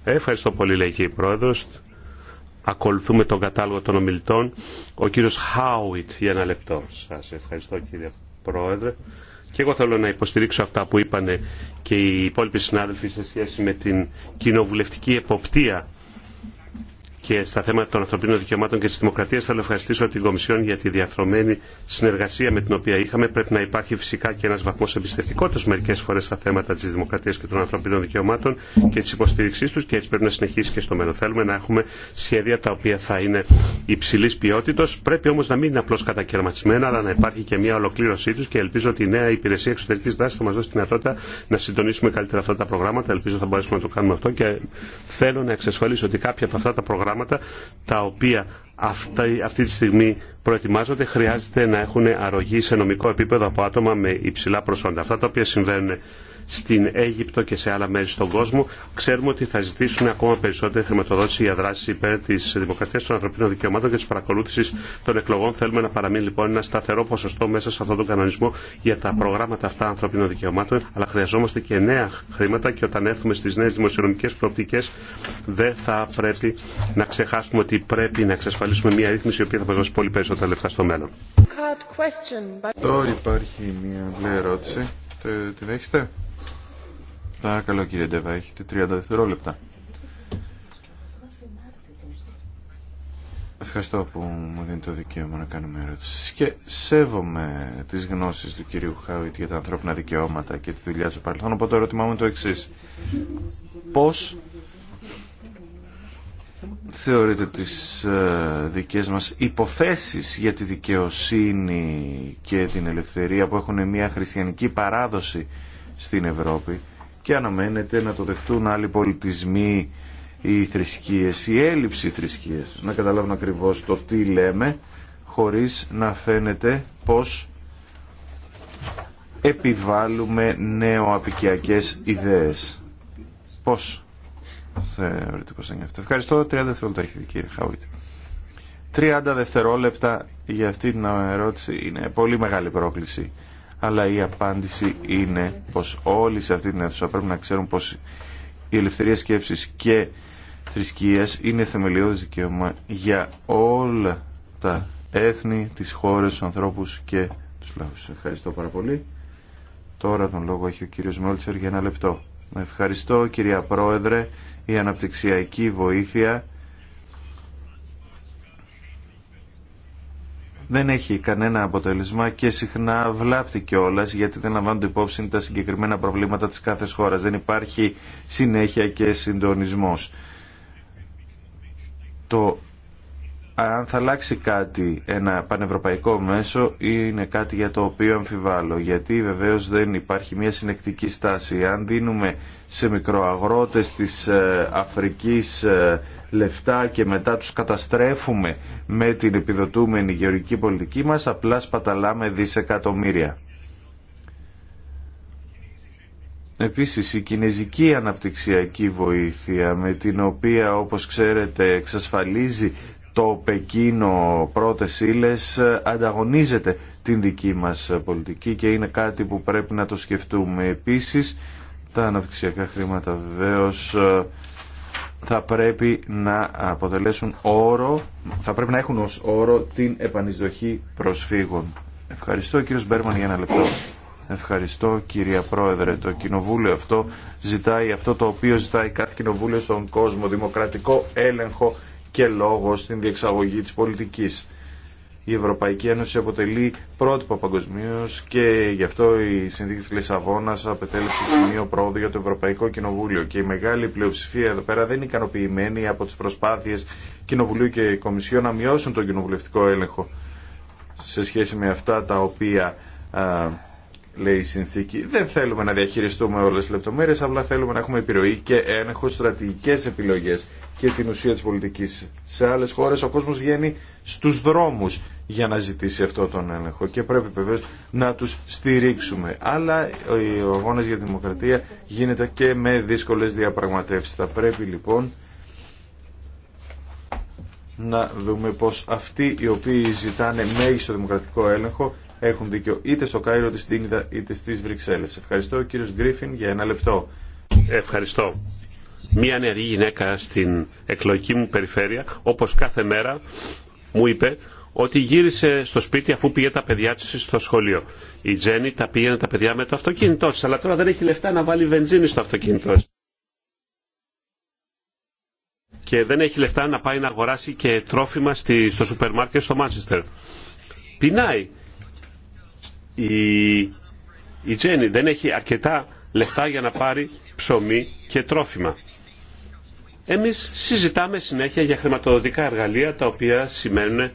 Ε, ευχαριστώ πολύ, λέει και η πρόεδρο. Ακολουθούμε τον κατάλογο των ομιλητών. Ο κύριος Χάουιτ για ένα λεπτό. Σας ευχαριστώ κύριε Πρόεδρε. Και εγώ θέλω να υποστηρίξω αυτά που είπαν και οι υπόλοιποι συνάδελφοι σε σχέση με την κοινοβουλευτική εποπτεία και στα θέματα των ανθρωπίνων δικαιωμάτων και τη δημοκρατία. Θέλω να ευχαριστήσω την Κομισιόν για τη διαθρωμένη συνεργασία με την οποία είχαμε. Πρέπει να υπάρχει φυσικά και ένα βαθμό εμπιστευτικότητα μερικέ φορέ στα θέματα τη δημοκρατία και των ανθρωπίνων δικαιωμάτων και τη υποστήριξή του και έτσι πρέπει να συνεχίσει και στο μέλλον. Θέλουμε να έχουμε σχέδια τα οποία θα είναι υψηλή ποιότητα. Πρέπει όμω να μην είναι απλώ κατακαιρματισμένα, αλλά να υπάρχει και μια ολοκλήρωσή του και ελπίζω ότι η νέα υπηρεσία εξωτερική δράση θα μα δώσει τη δυνατότητα να συντονίσουμε καλύτερα αυτά τα προγράμματα. Ελπίζω θα μπορέσουμε να το κάνουμε αυτό και θέλω να εξασφαλίσω ότι κάποια από αυτά τα προγράμματα πράγματα τα οποία αυτή, τη στιγμή προετοιμάζονται χρειάζεται να έχουν αρρωγή σε νομικό επίπεδο από άτομα με υψηλά προσόντα. Αυτά τα οποία συμβαίνουν στην Αίγυπτο και σε άλλα μέρη στον κόσμο ξέρουμε ότι θα ζητήσουν ακόμα περισσότερη χρηματοδότηση για δράση υπέρ τη δημοκρατία των ανθρωπίνων δικαιωμάτων και τη παρακολούθηση των εκλογών. Θέλουμε να παραμείνει λοιπόν ένα σταθερό ποσοστό μέσα σε αυτόν τον κανονισμό για τα προγράμματα αυτά ανθρωπίνων δικαιωμάτων, αλλά χρειαζόμαστε και νέα χρήματα και όταν έρθουμε στι νέε δημοσιονομικέ προοπτικέ δεν θα πρέπει να ξεχάσουμε ότι πρέπει να εξασφαλίσουμε εξασφαλίσουμε μια ρύθμιση η οποία θα δώσει πολύ περισσότερα λεφτά στο μέλλον. Τώρα υπάρχει μια απλή ερώτηση. Την έχετε. Παρακαλώ κύριε Ντεβά, έχετε 30 δευτερόλεπτα. Ευχαριστώ που μου δίνει το δικαίωμα να κάνουμε ερώτηση. Και σέβομαι τις γνώσεις του κυρίου Χάουιτ για τα ανθρώπινα δικαιώματα και τη δουλειά του παρελθόν, οπότε το ερώτημά μου είναι το εξή. Πώ, θεωρείτε τις τις ε, δικές μας υποθέσεις για τη δικαιοσύνη και την ελευθερία που έχουν μια χριστιανική παράδοση στην Ευρώπη και αναμένεται να το δεχτούν άλλοι πολιτισμοί η θρησκείες, η έλλειψη θρησκειες να καταλάβουν ακριβώς το τι λέμε χωρίς να φαίνεται πως επιβάλλουμε νεοαπικιακές ιδέες. Πώς θεωρητικό αυτό. Ευχαριστώ. 30 δευτερόλεπτα δει, κύριε Χαουίτ. 30 δευτερόλεπτα για αυτή την ερώτηση είναι πολύ μεγάλη πρόκληση. Αλλά η απάντηση είναι πω όλοι σε αυτή την αίθουσα πρέπει να ξέρουν πω η ελευθερία σκέψη και θρησκεία είναι θεμελιώδη δικαίωμα για όλα τα έθνη, τι χώρε του ανθρώπου και του λάου. Ευχαριστώ πάρα πολύ. Τώρα τον λόγο έχει ο κύριος Μόλτσερ για ένα λεπτό. Ευχαριστώ κυρία Πρόεδρε, η αναπτυξιακή βοήθεια δεν έχει κανένα αποτέλεσμα και συχνά βλάπτει κιόλα γιατί δεν λαμβάνονται υπόψη τα συγκεκριμένα προβλήματα της κάθε χώρας. Δεν υπάρχει συνέχεια και συντονισμός. Το αν θα αλλάξει κάτι ένα πανευρωπαϊκό μέσο είναι κάτι για το οποίο αμφιβάλλω γιατί βεβαίω δεν υπάρχει μια συνεκτική στάση αν δίνουμε σε μικροαγρότες της ε, Αφρικής ε, λεφτά και μετά τους καταστρέφουμε με την επιδοτούμενη γεωργική πολιτική μας απλά σπαταλάμε δισεκατομμύρια Επίσης η κινέζικη αναπτυξιακή βοήθεια με την οποία όπως ξέρετε εξασφαλίζει το Πεκίνο πρώτες ύλε ανταγωνίζεται την δική μας πολιτική και είναι κάτι που πρέπει να το σκεφτούμε. Επίσης, τα αναπτυξιακά χρήματα βεβαίω ε, θα πρέπει να αποτελέσουν όρο, θα πρέπει να έχουν ως όρο την επανεισδοχή προσφύγων. Ευχαριστώ κύριο Μπέρμαν για ένα λεπτό. Ευχαριστώ κυρία Πρόεδρε. Το κοινοβούλιο αυτό ζητάει αυτό το οποίο ζητάει κάθε κοινοβούλιο στον κόσμο, δημοκρατικό έλεγχο και λόγο στην διεξαγωγή της πολιτικής. Η Ευρωπαϊκή Ένωση αποτελεί πρότυπο παγκοσμίω και γι' αυτό η συνθήκη τη Λισαβόνα απετέλεσε σημείο πρόοδου για το Ευρωπαϊκό Κοινοβούλιο. Και η μεγάλη πλειοψηφία εδώ πέρα δεν είναι ικανοποιημένη από τι προσπάθειε Κοινοβουλίου και Κομισιόν να μειώσουν τον κοινοβουλευτικό έλεγχο σε σχέση με αυτά τα οποία λέει η συνθήκη. Δεν θέλουμε να διαχειριστούμε όλε τι λεπτομέρειε, απλά θέλουμε να έχουμε επιρροή και έλεγχο στρατηγικέ επιλογέ και την ουσία τη πολιτική Σε άλλε χώρε ο κόσμο βγαίνει στου δρόμου για να ζητήσει αυτό τον έλεγχο και πρέπει βεβαίω να του στηρίξουμε. Αλλά ο αγώνα για τη δημοκρατία γίνεται και με δύσκολε διαπραγματεύσει. Θα πρέπει λοιπόν να δούμε πως αυτοί οι οποίοι ζητάνε μέγιστο δημοκρατικό έλεγχο έχουν δίκιο είτε στο Κάιρο τη Τίνιδα είτε στι Βρυξέλλες. Ευχαριστώ κύριο Γκρίφιν για ένα λεπτό. Ευχαριστώ. Μία νεαρή γυναίκα στην εκλογική μου περιφέρεια όπω κάθε μέρα μου είπε ότι γύρισε στο σπίτι αφού πήγε τα παιδιά τη στο σχολείο. Η Τζέννη τα πήγαινε τα παιδιά με το αυτοκίνητό τη, αλλά τώρα δεν έχει λεφτά να βάλει βενζίνη στο αυτοκίνητό τη. Και δεν έχει λεφτά να πάει να αγοράσει και τρόφιμα στο σούπερ μάρκετ στο Μάντσεστερ. Πεινάει η, η Τζέννη δεν έχει αρκετά λεφτά για να πάρει ψωμί και τρόφιμα. Εμείς συζητάμε συνέχεια για χρηματοδοτικά εργαλεία τα οποία σημαίνουν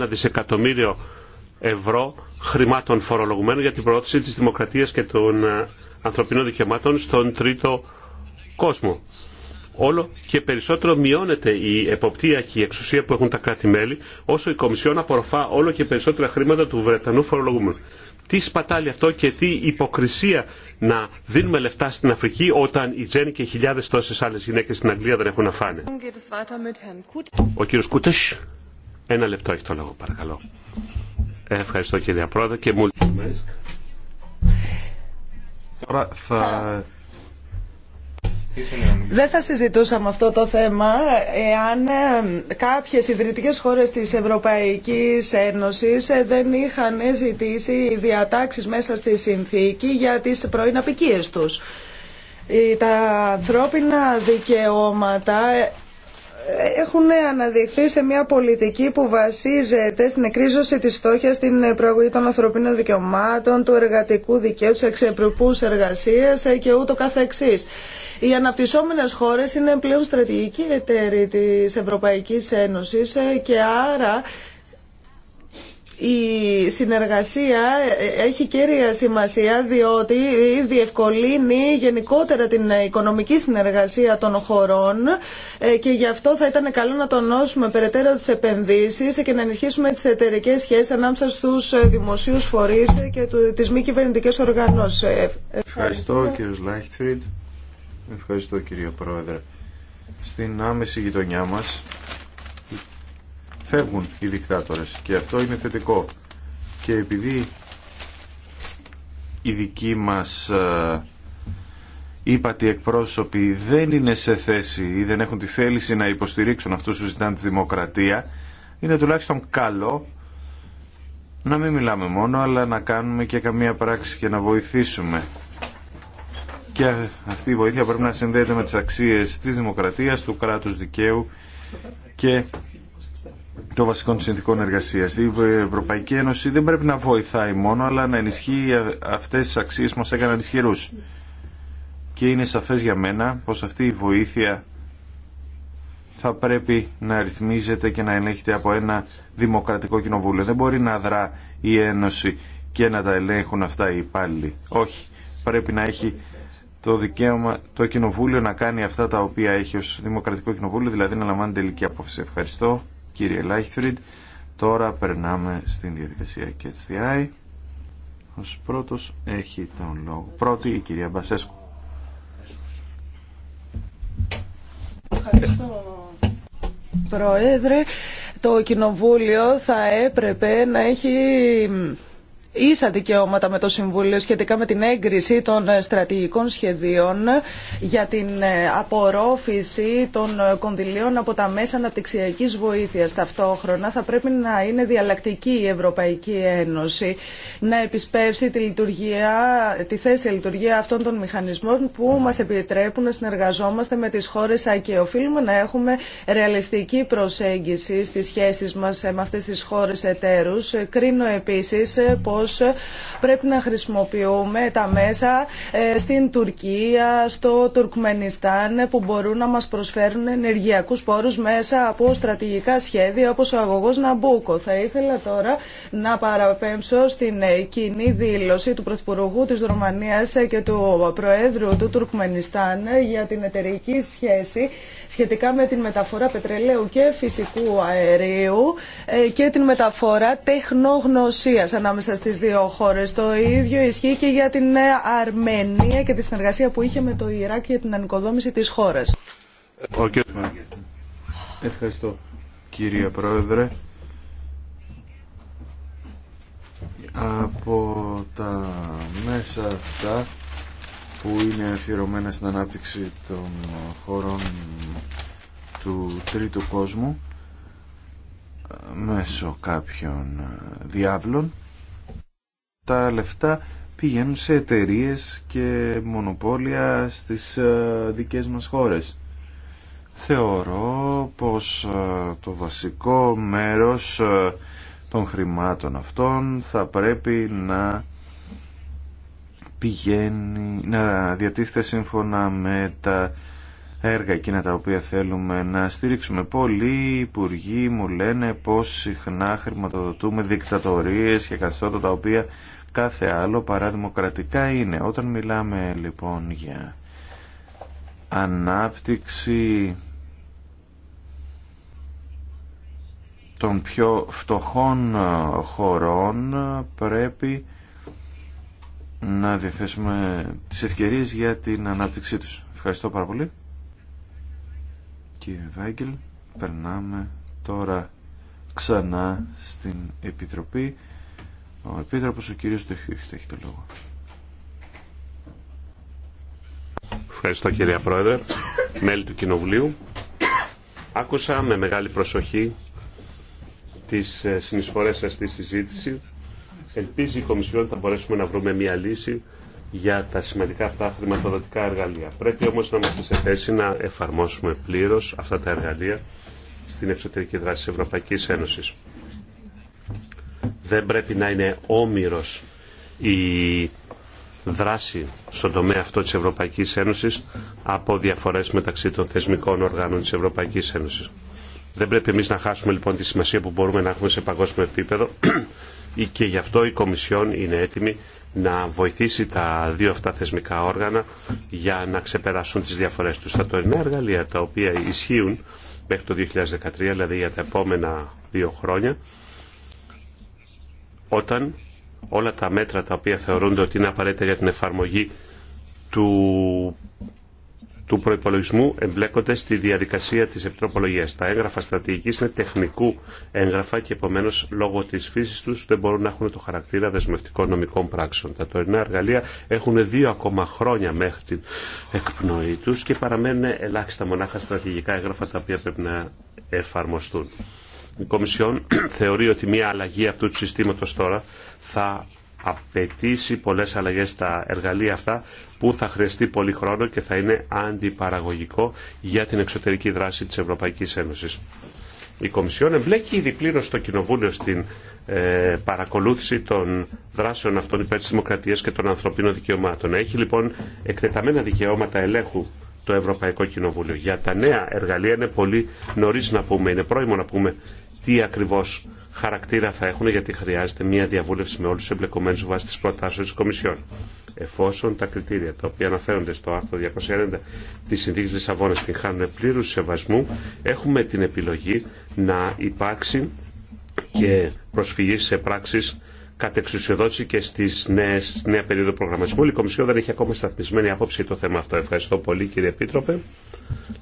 1,1 δισεκατομμύριο ευρώ χρημάτων φορολογουμένων για την προώθηση της δημοκρατίας και των ε, ανθρωπινών δικαιωμάτων στον τρίτο κόσμο όλο και περισσότερο μειώνεται η εποπτεία και η εξουσία που έχουν τα κράτη-μέλη, όσο η Κομισιόν απορροφά όλο και περισσότερα χρήματα του Βρετανού φορολογούμενου. Τι σπατάλει αυτό και τι υποκρισία να δίνουμε λεφτά στην Αφρική όταν η Τζέννη και χιλιάδε τόσε άλλε γυναίκε στην Αγγλία δεν έχουν να φάνε. Ο κύριο Κούτε, ένα λεπτό έχει το λόγο, παρακαλώ. Ευχαριστώ κύριε Πρόεδρε και μου. Δεν θα συζητούσαμε αυτό το θέμα εάν ε, κάποιες ιδρυτικές χώρες της Ευρωπαϊκής Ένωσης ε, δεν είχαν ζητήσει διατάξεις μέσα στη συνθήκη για τις πρώην απικίες τους. Τα ανθρώπινα δικαιώματα έχουν αναδειχθεί σε μια πολιτική που βασίζεται στην εκρίζωση της φτώχειας, στην προαγωγή των ανθρωπίνων δικαιωμάτων, του εργατικού δικαίου, της εξεπρεπούς εργασίας ε, και ούτω καθεξής. Οι αναπτυσσόμενες χώρες είναι πλέον στρατηγική εταίροι της Ευρωπαϊκής Ένωσης ε, και άρα η συνεργασία έχει κέρια σημασία διότι διευκολύνει γενικότερα την οικονομική συνεργασία των χωρών ε, και γι' αυτό θα ήταν καλό να τονώσουμε περαιτέρω τις επενδύσεις και να ενισχύσουμε τις εταιρικέ σχέσεις ανάμεσα στους ε, δημοσίους φορείς και τις μη κυβερνητικέ οργανώσεις. Ε, ευχαριστώ, κύριε Λάιχτφριντ. Ευχαριστώ κύριε Πρόεδρε. Στην άμεση γειτονιά μας φεύγουν οι δικτάτορες και αυτό είναι θετικό. Και επειδή οι δικοί μας ε, οι εκπρόσωποι δεν είναι σε θέση ή δεν έχουν τη θέληση να υποστηρίξουν αυτούς που ζητάνε τη δημοκρατία, είναι τουλάχιστον καλό να μην μιλάμε μόνο, αλλά να κάνουμε και καμία πράξη και να βοηθήσουμε. Και αυτή η βοήθεια πρέπει να συνδέεται με τις αξίες της δημοκρατίας, του κράτους δικαίου και των βασικών συνθήκων εργασίας. Η Ευρωπαϊκή Ένωση δεν πρέπει να βοηθάει μόνο, αλλά να ενισχύει αυτές τις αξίες που μας έκαναν ισχυρούς. Και είναι σαφές για μένα πως αυτή η βοήθεια θα πρέπει να ρυθμίζεται και να ελέγχεται από ένα δημοκρατικό κοινοβούλιο. Δεν μπορεί να δρά η Ένωση και να τα ελέγχουν αυτά οι υπάλληλοι. Όχι. Πρέπει να έχει το δικαίωμα το κοινοβούλιο να κάνει αυτά τα οποία έχει ως δημοκρατικό κοινοβούλιο, δηλαδή να λαμβάνει τελική απόφαση. Ευχαριστώ κύριε Λάιχθριντ. Τώρα περνάμε στην διαδικασία KHDI. Ως πρώτος έχει τον λόγο. Πρώτη η κυρία Μπασέσκου. Ευχαριστώ. Πρόεδρε, το Κοινοβούλιο θα έπρεπε να έχει ίσα δικαιώματα με το Συμβούλιο σχετικά με την έγκριση των ε, στρατηγικών σχεδίων για την ε, απορρόφηση των ε, κονδυλίων από τα μέσα αναπτυξιακής βοήθειας. Ταυτόχρονα θα πρέπει να είναι διαλλακτική η Ευρωπαϊκή Ένωση να επισπεύσει τη, λειτουργία, τη θέση λειτουργία αυτών των μηχανισμών που μας επιτρέπουν να συνεργαζόμαστε με τις χώρες και Οφείλουμε να έχουμε ρεαλιστική προσέγγιση στις σχέσεις μας με αυτές τις χώρες εταίρους. Κρίνω επίσης ε, πρέπει να χρησιμοποιούμε τα μέσα ε, στην Τουρκία, στο Τουρκμενιστάν ε, που μπορούν να μας προσφέρουν ενεργειακούς πόρους μέσα από στρατηγικά σχέδια όπως ο αγωγός Ναμπούκο. Θα ήθελα τώρα να παραπέμψω στην κοινή δήλωση του Πρωθυπουργού της Ρωμανίας και του Προέδρου του Τουρκμενιστάν για την εταιρική σχέση σχετικά με την μεταφορά πετρελαίου και φυσικού αερίου ε, και την μεταφορά τεχνογνωσίας ανάμεσα στις δύο χώρες. Το ίδιο ισχύει και για την Αρμενία και τη συνεργασία που είχε με το Ιράκ για την ανοικοδόμηση της χώρας. Ευχαριστώ κύριε Πρόεδρε. Από τα μέσα αυτά που είναι αφιερωμένα στην ανάπτυξη των χωρών του τρίτου κόσμου μέσω κάποιων διάβλων τα λεφτά πηγαίνουν σε εταιρείε και μονοπόλια στις ε, δικές μας χώρες. Θεωρώ πως ε, το βασικό μέρος ε, των χρημάτων αυτών θα πρέπει να πηγαίνει, να διατίθεται σύμφωνα με τα έργα εκείνα τα οποία θέλουμε να στηρίξουμε. Πολλοί υπουργοί μου λένε πως συχνά χρηματοδοτούμε δικτατορίες και καθιστώτα τα οποία κάθε άλλο παρά δημοκρατικά είναι. Όταν μιλάμε λοιπόν για ανάπτυξη των πιο φτωχών ε, χωρών πρέπει να διαθέσουμε τις ευκαιρίες για την ανάπτυξή τους. Ευχαριστώ πάρα πολύ. Κύριε Βάγκελ, περνάμε τώρα ξανά στην Επιτροπή. Ο Επίτροπος, ο κύριος θα έχει το λόγο. Ευχαριστώ κυρία Πρόεδρε, μέλη του Κοινοβουλίου. Άκουσα με μεγάλη προσοχή τις ε, συνεισφορές σας στη συζήτηση Ελπίζει η Κομισιόν ότι θα μπορέσουμε να βρούμε μια λύση για τα σημαντικά αυτά χρηματοδοτικά εργαλεία. Πρέπει όμως να είμαστε σε θέση να εφαρμόσουμε πλήρως αυτά τα εργαλεία στην εξωτερική δράση της Ευρωπαϊκής Ένωσης. Δεν πρέπει να είναι όμοιρος η δράση στον τομέα αυτό της Ευρωπαϊκής Ένωσης από διαφορές μεταξύ των θεσμικών οργάνων της Ευρωπαϊκής Ένωσης. Δεν πρέπει εμείς να χάσουμε λοιπόν τη σημασία που μπορούμε να έχουμε σε παγκόσμιο επίπεδο και γι' αυτό η Κομισιόν είναι έτοιμη να βοηθήσει τα δύο αυτά θεσμικά όργανα για να ξεπεράσουν τις διαφορές τους. Τα τωρινά εργαλεία τα οποία ισχύουν μέχρι το 2013, δηλαδή για τα επόμενα δύο χρόνια, όταν όλα τα μέτρα τα οποία θεωρούνται ότι είναι απαραίτητα για την εφαρμογή του του προπολογισμού εμπλέκονται στη διαδικασία τη επιτροπολογία. Τα έγγραφα στρατηγική είναι τεχνικού έγγραφα και επομένω λόγω τη φύση του δεν μπορούν να έχουν το χαρακτήρα δεσμευτικών νομικών πράξεων. Τα τωρινά εργαλεία έχουν δύο ακόμα χρόνια μέχρι την εκπνοή του και παραμένουν ελάχιστα μονάχα στρατηγικά έγγραφα τα οποία πρέπει να εφαρμοστούν. Η Κομισιόν θεωρεί ότι μια αλλαγή αυτού του συστήματο τώρα θα απαιτήσει πολλές αλλαγές στα εργαλεία αυτά που θα χρειαστεί πολύ χρόνο και θα είναι αντιπαραγωγικό για την εξωτερική δράση της Ευρωπαϊκής Ένωσης. Η Κομισιόν εμπλέκει ήδη πλήρω στο Κοινοβούλιο στην ε, παρακολούθηση των δράσεων αυτών υπέρ τη δημοκρατία και των ανθρωπίνων δικαιωμάτων. Έχει λοιπόν εκτεταμένα δικαιώματα ελέγχου το Ευρωπαϊκό Κοινοβούλιο. Για τα νέα εργαλεία είναι πολύ νωρί να πούμε, είναι πρόημο να πούμε τι ακριβώ χαρακτήρα θα έχουν γιατί χρειάζεται μια διαβούλευση με όλου του εμπλεκομένους βάσει τη προτάσεω τη Κομισιόν. Εφόσον τα κριτήρια τα οποία αναφέρονται στο άρθρο 290 τη Συνθήκης Λισαβόνα. την χάνουν πλήρου σεβασμού, έχουμε την επιλογή να υπάρξει και προσφυγή σε πράξεις κατ' και στη νέα περίοδο προγραμματισμού. Η Κομισιόν δεν έχει ακόμα σταθμισμένη άποψη για το θέμα αυτό. Ευχαριστώ πολύ κύριε Επίτροπε.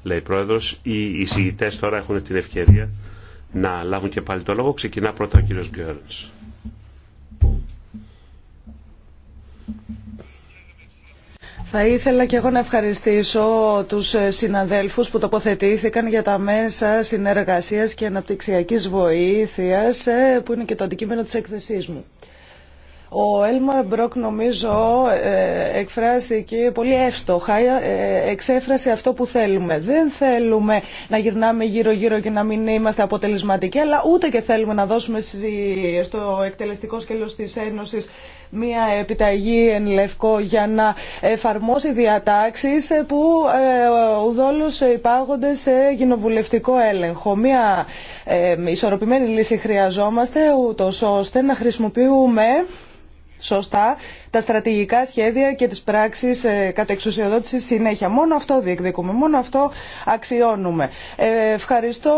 Λέει Πρόεδρος, οι εισηγητές τώρα έχουν την ευκαιρία να λάβουν και πάλι το λόγο. Ξεκινά πρώτα ο κύριος Γκέρντς. Θα ήθελα και εγώ να ευχαριστήσω τους συναδέλφους που τοποθετήθηκαν για τα μέσα συνεργασίας και αναπτυξιακής βοήθειας ε, που είναι και το αντικείμενο της έκθεσής μου. Ο Έλμαρ Μπρόκ νομίζω ε, εκφράστηκε πολύ εύστοχα, ε, εξέφρασε αυτό που θέλουμε. Δεν θέλουμε να γυρνάμε γύρω-γύρω και να μην είμαστε αποτελεσματικοί, αλλά ούτε και θέλουμε να δώσουμε στο εκτελεστικό σκέλος της Ένωσης μια επιταγή εν λευκό για να εφαρμόσει διατάξεις που ε, ουδόλως υπάγονται σε κοινοβουλευτικό έλεγχο. Μια ισορροπημένη λύση χρειαζόμαστε ούτως ώστε να χρησιμοποιούμε σωστά τα στρατηγικά σχέδια και τις πράξεις ε, κατά εξουσιοδότηση συνέχεια. Μόνο αυτό διεκδικούμε, μόνο αυτό αξιώνουμε. Ε, ευχαριστώ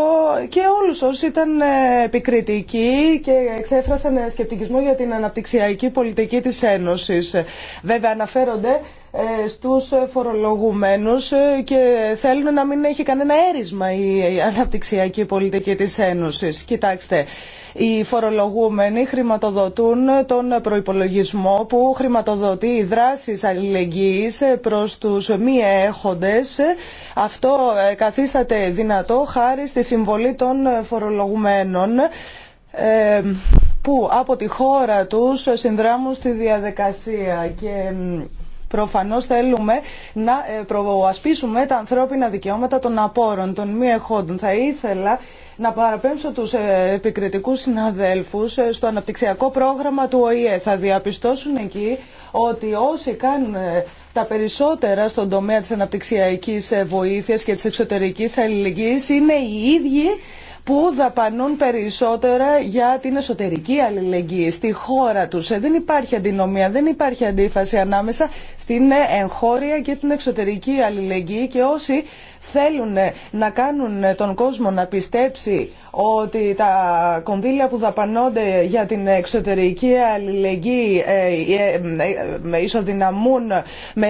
και όλους όσοι ήταν ε, επικριτικοί και εξέφρασαν ε, σκεπτικισμό για την αναπτυξιακή πολιτική της Ένωσης. Βέβαια αναφέρονται ε, στους φορολογουμένους ε, και θέλουν να μην έχει κανένα έρισμα η αναπτυξιακή πολιτική της Ένωσης. Κοιτάξτε, οι φορολογούμενοι χρηματοδοτούν τον προϋπολογισμό που χρηματοδοτεί δράσεις αλληλεγγύης προς τους μη έχοντες. Αυτό ε, καθίσταται δυνατό χάρη στη συμβολή των φορολογουμένων που από τη χώρα τους συνδράμουν στη διαδικασία και Προφανώς θέλουμε να ε, προασπίσουμε τα ανθρώπινα δικαιώματα των απόρων, των μη εχόντων. Θα ήθελα να παραπέμψω τους ε, επικριτικούς συναδέλφους ε, στο αναπτυξιακό πρόγραμμα του ΟΗΕ. Θα διαπιστώσουν εκεί ότι όσοι κάνουν τα περισσότερα στον τομέα της αναπτυξιακής βοήθειας και της εξωτερικής αλληλεγγύης είναι οι ίδιοι που δαπανούν περισσότερα για την εσωτερική αλληλεγγύη στη χώρα τους. Ε, δεν υπάρχει αντινομία, δεν υπάρχει αντίφαση ανάμεσα στην ε, εγχώρια και την εξωτερική αλληλεγγύη και όσοι θέλουν να κάνουν τον κόσμο να πιστέψει ότι τα κονδύλια που δαπανώνται για την εξωτερική αλληλεγγύη ε, ε, ε, ισοδυναμούν με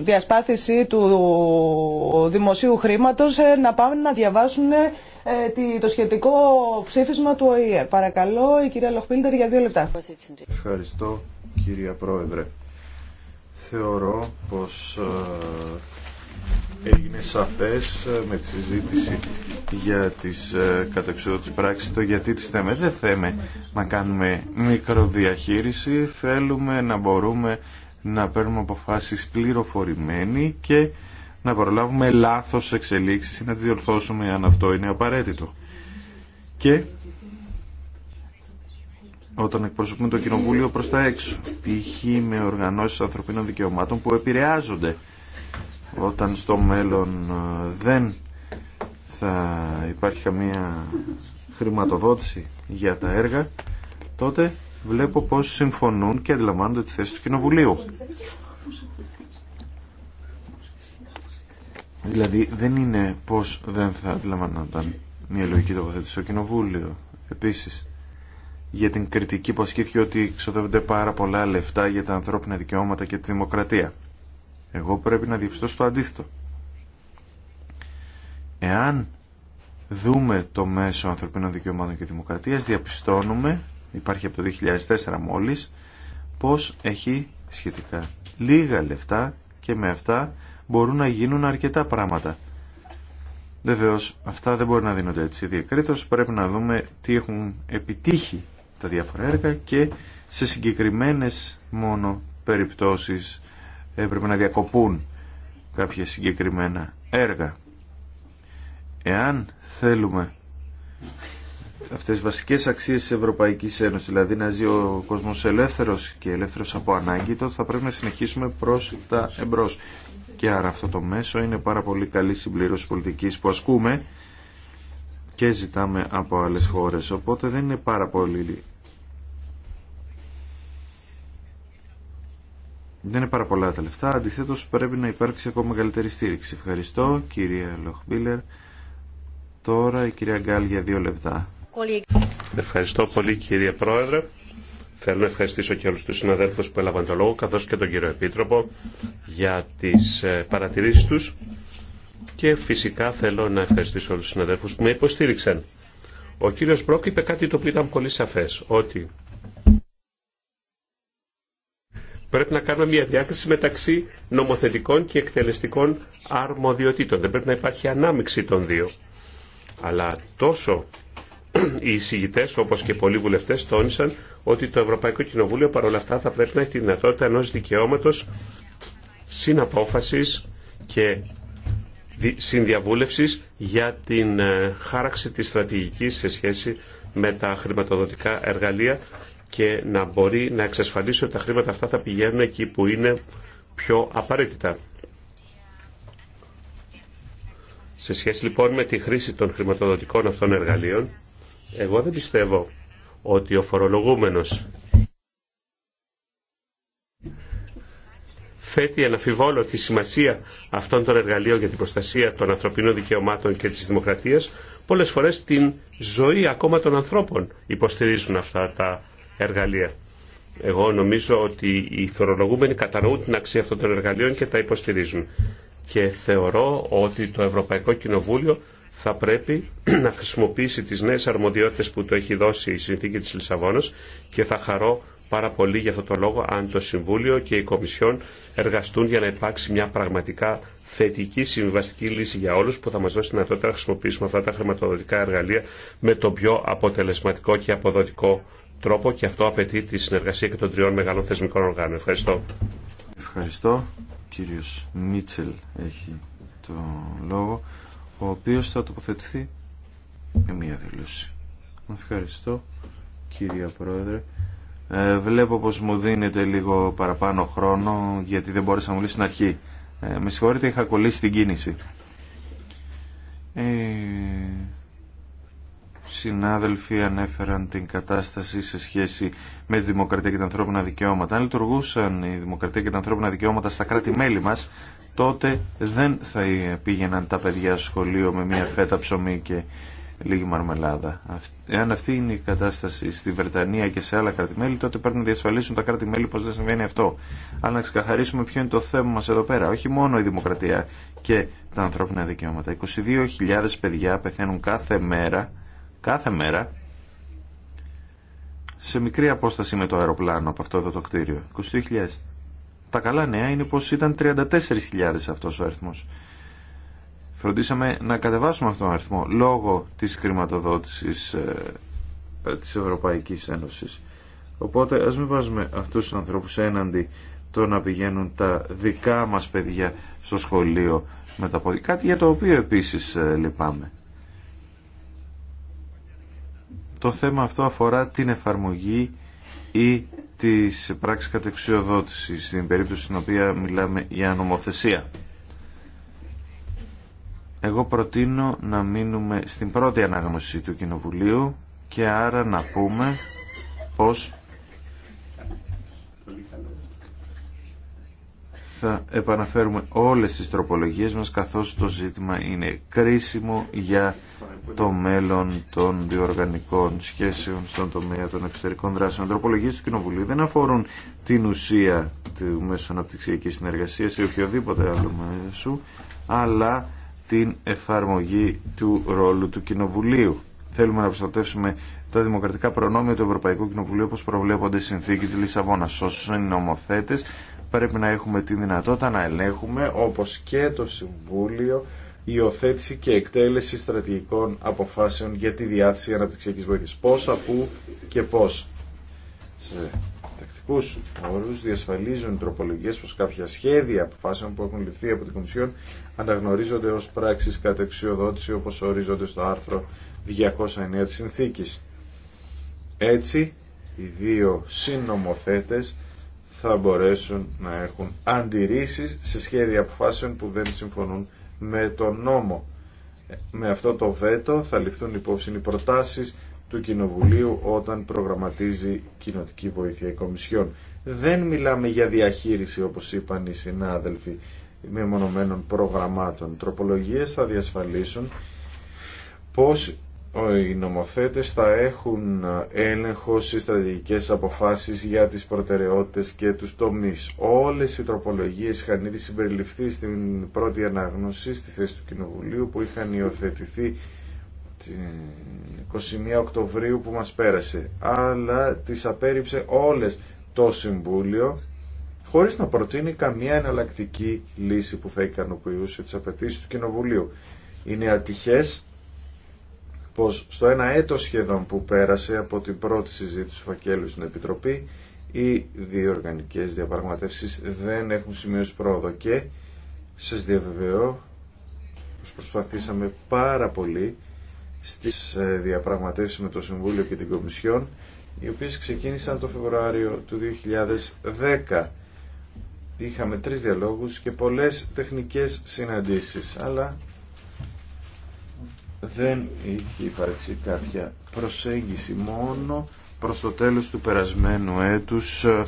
διασπάθηση του δημοσίου χρήματος να πάμε να διαβάσουν το σχετικό ψήφισμα του ΟΗΕ. Παρακαλώ η κυρία Λοχπίλτερ για δύο λεπτά. Ευχαριστώ κυρία Πρόεδρε. Θεωρώ πως έγινε σαφές ε, με τη συζήτηση για τις ε, κατεξοδότητες πράξεις το γιατί τις θέμε. Δεν θέμε να κάνουμε μικροδιαχείριση, θέλουμε να μπορούμε να παίρνουμε αποφάσεις πληροφορημένοι και να προλάβουμε λάθος εξελίξεις ή να τις διορθώσουμε αν αυτό είναι απαραίτητο. Και όταν εκπροσωπούμε το Κοινοβούλιο προς τα έξω, π.χ. με οργανώσεις ανθρωπίνων δικαιωμάτων που επηρεάζονται όταν στο μέλλον ε, δεν θα υπάρχει καμία χρηματοδότηση για τα έργα, τότε βλέπω πως συμφωνούν και αντιλαμβάνονται τη θέση του Κοινοβουλίου. Δηλαδή δεν είναι πως δεν θα αντιλαμβανόταν μια λογική τοποθέτηση στο Κοινοβούλιο. Επίσης, για την κριτική που ασκήθηκε ότι ξοδεύονται πάρα πολλά λεφτά για τα ανθρώπινα δικαιώματα και τη δημοκρατία. Εγώ πρέπει να διαπιστώσω το αντίθετο. Εάν δούμε το μέσο ανθρωπίνων δικαιωμάτων και δημοκρατίας, διαπιστώνουμε, υπάρχει από το 2004 μόλις, πως έχει σχετικά λίγα λεφτά και με αυτά μπορούν να γίνουν αρκετά πράγματα. Βεβαίω, αυτά δεν μπορεί να δίνονται έτσι διακρίτως, πρέπει να δούμε τι έχουν επιτύχει τα διάφορα έργα και σε συγκεκριμένες μόνο περιπτώσεις έπρεπε να διακοπούν κάποια συγκεκριμένα έργα. Εάν θέλουμε αυτές τις βασικές αξίες της Ευρωπαϊκής Ένωσης, δηλαδή να ζει ο κόσμος ελεύθερος και ελεύθερος από ανάγκη, τότε θα πρέπει να συνεχίσουμε προς τα εμπρός. Και άρα αυτό το μέσο είναι πάρα πολύ καλή συμπλήρωση πολιτικής που ασκούμε και ζητάμε από άλλες χώρες. Οπότε δεν είναι πάρα πολύ Δεν είναι πάρα πολλά τα λεφτά, αντιθέτως πρέπει να υπάρξει ακόμα μεγαλύτερη στήριξη. Ευχαριστώ κυρία Λοχμπίλερ. Τώρα η κυρία Γκάλ για δύο λεπτά. Ευχαριστώ πολύ κύριε Πρόεδρε. Θέλω να ευχαριστήσω και όλους τους συναδέλφους που έλαβαν το λόγο, καθώς και τον κύριο Επίτροπο για τις ε, παρατηρήσεις τους. Και φυσικά θέλω να ευχαριστήσω όλους τους συναδέλφους που με υποστήριξαν. Ο κύριος Μπρόκ είπε κάτι το οποίο ήταν πολύ σαφές, ότι πρέπει να κάνουμε μια διάκριση μεταξύ νομοθετικών και εκτελεστικών αρμοδιοτήτων. Δεν πρέπει να υπάρχει ανάμειξη των δύο. Αλλά τόσο οι εισηγητέ, όπω και πολλοί βουλευτέ, τόνισαν ότι το Ευρωπαϊκό Κοινοβούλιο παρόλα αυτά θα πρέπει να έχει τη δυνατότητα ενό δικαιώματο συναπόφαση και συνδιαβούλευση για την ε, χάραξη τη στρατηγική σε σχέση με τα χρηματοδοτικά εργαλεία και να μπορεί να εξασφαλίσει ότι τα χρήματα αυτά θα πηγαίνουν εκεί που είναι πιο απαραίτητα. Σε σχέση λοιπόν με τη χρήση των χρηματοδοτικών αυτών εργαλείων, εγώ δεν πιστεύω ότι ο φορολογούμενος θέτει αναφιβόλο τη σημασία αυτών των εργαλείων για την προστασία των ανθρωπίνων δικαιωμάτων και της δημοκρατίας, πολλές φορές την ζωή ακόμα των ανθρώπων υποστηρίζουν αυτά τα εργαλεία. Εγώ νομίζω ότι οι φορολογούμενοι κατανοούν την αξία αυτών των εργαλείων και τα υποστηρίζουν. Και θεωρώ ότι το Ευρωπαϊκό Κοινοβούλιο θα πρέπει να χρησιμοποιήσει τις νέες αρμοδιότητες που το έχει δώσει η Συνθήκη της Λισαβόνας και θα χαρώ πάρα πολύ για αυτό το λόγο αν το Συμβούλιο και η Κομισιόν εργαστούν για να υπάρξει μια πραγματικά θετική συμβαστική λύση για όλους που θα μας δώσει δυνατότητα να χρησιμοποιήσουμε αυτά τα χρηματοδοτικά εργαλεία με τον πιο αποτελεσματικό και αποδοτικό τρόπο και αυτό απαιτεί τη συνεργασία και των τριών μεγάλων θεσμικών οργάνων. Ευχαριστώ. Ευχαριστώ. Κύριος Μίτσελ έχει το λόγο, ο οποίος θα τοποθετηθεί με μία δήλωση. Ευχαριστώ, κύριε Πρόεδρε. Ε, βλέπω πως μου δίνετε λίγο παραπάνω χρόνο, γιατί δεν μπόρεσα να μιλήσω στην αρχή. Ε, με συγχωρείτε, είχα κολλήσει την κίνηση. Ε, συνάδελφοι ανέφεραν την κατάσταση σε σχέση με τη δημοκρατία και τα ανθρώπινα δικαιώματα. Αν λειτουργούσαν η δημοκρατία και τα ανθρώπινα δικαιώματα στα κράτη-μέλη μας, τότε δεν θα πήγαιναν τα παιδιά στο σχολείο με μια φέτα ψωμί και λίγη μαρμελάδα. Εάν αυτή είναι η κατάσταση στη Βρετανία και σε άλλα κράτη-μέλη, τότε πρέπει να διασφαλίσουν τα κράτη-μέλη πω δεν συμβαίνει αυτό. Αλλά να ξεκαθαρίσουμε ποιο είναι το θέμα μα εδώ πέρα. Όχι μόνο η δημοκρατία και τα ανθρώπινα δικαιώματα. 22.000 παιδιά πεθαίνουν κάθε μέρα κάθε μέρα σε μικρή απόσταση με το αεροπλάνο από αυτό εδώ το κτίριο. 22.000. Τα καλά νέα είναι πως ήταν 34.000 αυτός ο αριθμός. Φροντίσαμε να κατεβάσουμε αυτόν τον αριθμό λόγω της χρηματοδότησης ε, ε, της Ευρωπαϊκής Ένωσης. Οπότε ας μην βάζουμε αυτούς τους ανθρώπους έναντι το να πηγαίνουν τα δικά μας παιδιά στο σχολείο με τα πόδια. Κάτι για το οποίο επίσης ε, λυπάμαι. Το θέμα αυτό αφορά την εφαρμογή ή της πράξεις κατεξιοδότησης, στην περίπτωση στην οποία μιλάμε για νομοθεσία. Εγώ προτείνω να μείνουμε στην πρώτη ανάγνωση του Κοινοβουλίου και άρα να πούμε πως θα επαναφέρουμε όλες τις τροπολογίες μας καθώς το ζήτημα είναι κρίσιμο για το μέλλον των διοργανικών σχέσεων στον τομέα των εξωτερικών δράσεων. Οι τροπολογίες του Κοινοβουλίου δεν αφορούν την ουσία του μέσου αναπτυξιακής συνεργασίας ή οποιοδήποτε άλλο μέσου, αλλά την εφαρμογή του ρόλου του Κοινοβουλίου. Θέλουμε να προστατεύσουμε τα δημοκρατικά προνόμια του Ευρωπαϊκού Κοινοβουλίου όπως προβλέπονται οι συνθήκες της Λισαβόνας. είναι νομοθέτες πρέπει να έχουμε τη δυνατότητα να ελέγχουμε όπως και το Συμβούλιο η υιοθέτηση και εκτέλεση στρατηγικών αποφάσεων για τη διάθεση αναπτυξιακής βοήθειας. Πώς, από και πώς. Σε τακτικούς όρους διασφαλίζουν τροπολογίες πως κάποια σχέδια οι αποφάσεων που έχουν ληφθεί από την Κομισιόν αναγνωρίζονται ως πράξεις κατά εξιοδότηση όπως ορίζονται στο άρθρο 209 της Συνθήκης. Έτσι, οι δύο συνομοθέτες θα μπορέσουν να έχουν αντιρρήσεις σε σχέδια αποφάσεων που δεν συμφωνούν με τον νόμο. Ε, με αυτό το βέτο θα ληφθούν υπόψη οι προτάσεις του Κοινοβουλίου όταν προγραμματίζει κοινοτική βοήθεια η Δεν μιλάμε για διαχείριση, όπως είπαν οι συνάδελφοι, μεμονωμένων προγραμμάτων. Τροπολογίες θα διασφαλίσουν πως οι νομοθέτες θα έχουν έλεγχο στις στρατηγικές αποφάσεις για τις προτεραιότητες και τους τομείς. Όλες οι τροπολογίες είχαν ήδη συμπεριληφθεί στην πρώτη ανάγνωση στη θέση του Κοινοβουλίου που είχαν υιοθετηθεί την 21 Οκτωβρίου που μας πέρασε. Αλλά τις απέρριψε όλες το Συμβούλιο χωρίς να προτείνει καμία εναλλακτική λύση που θα ικανοποιούσε τις απαιτήσει του Κοινοβουλίου. Είναι ατυχές πως στο ένα έτος σχεδόν που πέρασε από την πρώτη συζήτηση του φακέλου στην Επιτροπή, οι δύο οργανικές διαπραγματεύσεις δεν έχουν σημειώσει πρόοδο και σας διαβεβαιώ πως προσπαθήσαμε πάρα πολύ στις ε, διαπραγματεύσεις με το Συμβούλιο και την Κομισιόν, οι οποίες ξεκίνησαν το Φεβρουάριο του 2010. Είχαμε τρεις διαλόγους και πολλές τεχνικές συναντήσεις, αλλά δεν είχε υπάρξει κάποια προσέγγιση μόνο προς το τέλος του περασμένου έτους ε,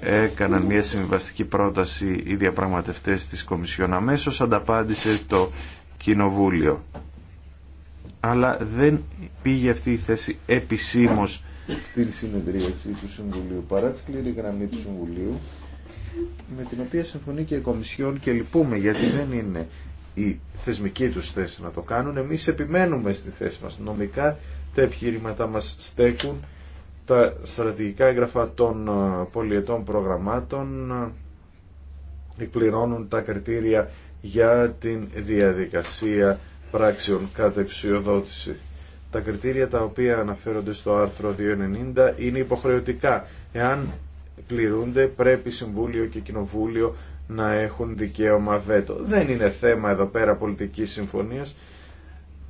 έκαναν μια συμβαστική πρόταση οι διαπραγματευτές της Κομισιόν αμέσως ανταπάντησε το Κοινοβούλιο αλλά δεν πήγε αυτή η θέση επισήμως στην συνεδρίαση του Συμβουλίου παρά τη σκληρή γραμμή του Συμβουλίου με την οποία συμφωνεί και η Κομισιόν και λυπούμε γιατί δεν είναι η θεσμική τους θέση να το κάνουν. Εμείς επιμένουμε στη θέση μας. Νομικά τα επιχείρηματα μας στέκουν, τα στρατηγικά έγγραφα των ε, πολιετών προγραμμάτων ε, εκπληρώνουν τα κριτήρια για την διαδικασία πράξεων κατεξιοδότηση. Τα κριτήρια τα οποία αναφέρονται στο άρθρο 290 είναι υποχρεωτικά. Εάν πληρούνται πρέπει Συμβούλιο και Κοινοβούλιο να έχουν δικαίωμα βέτο. Δεν είναι θέμα εδώ πέρα πολιτικής συμφωνίας,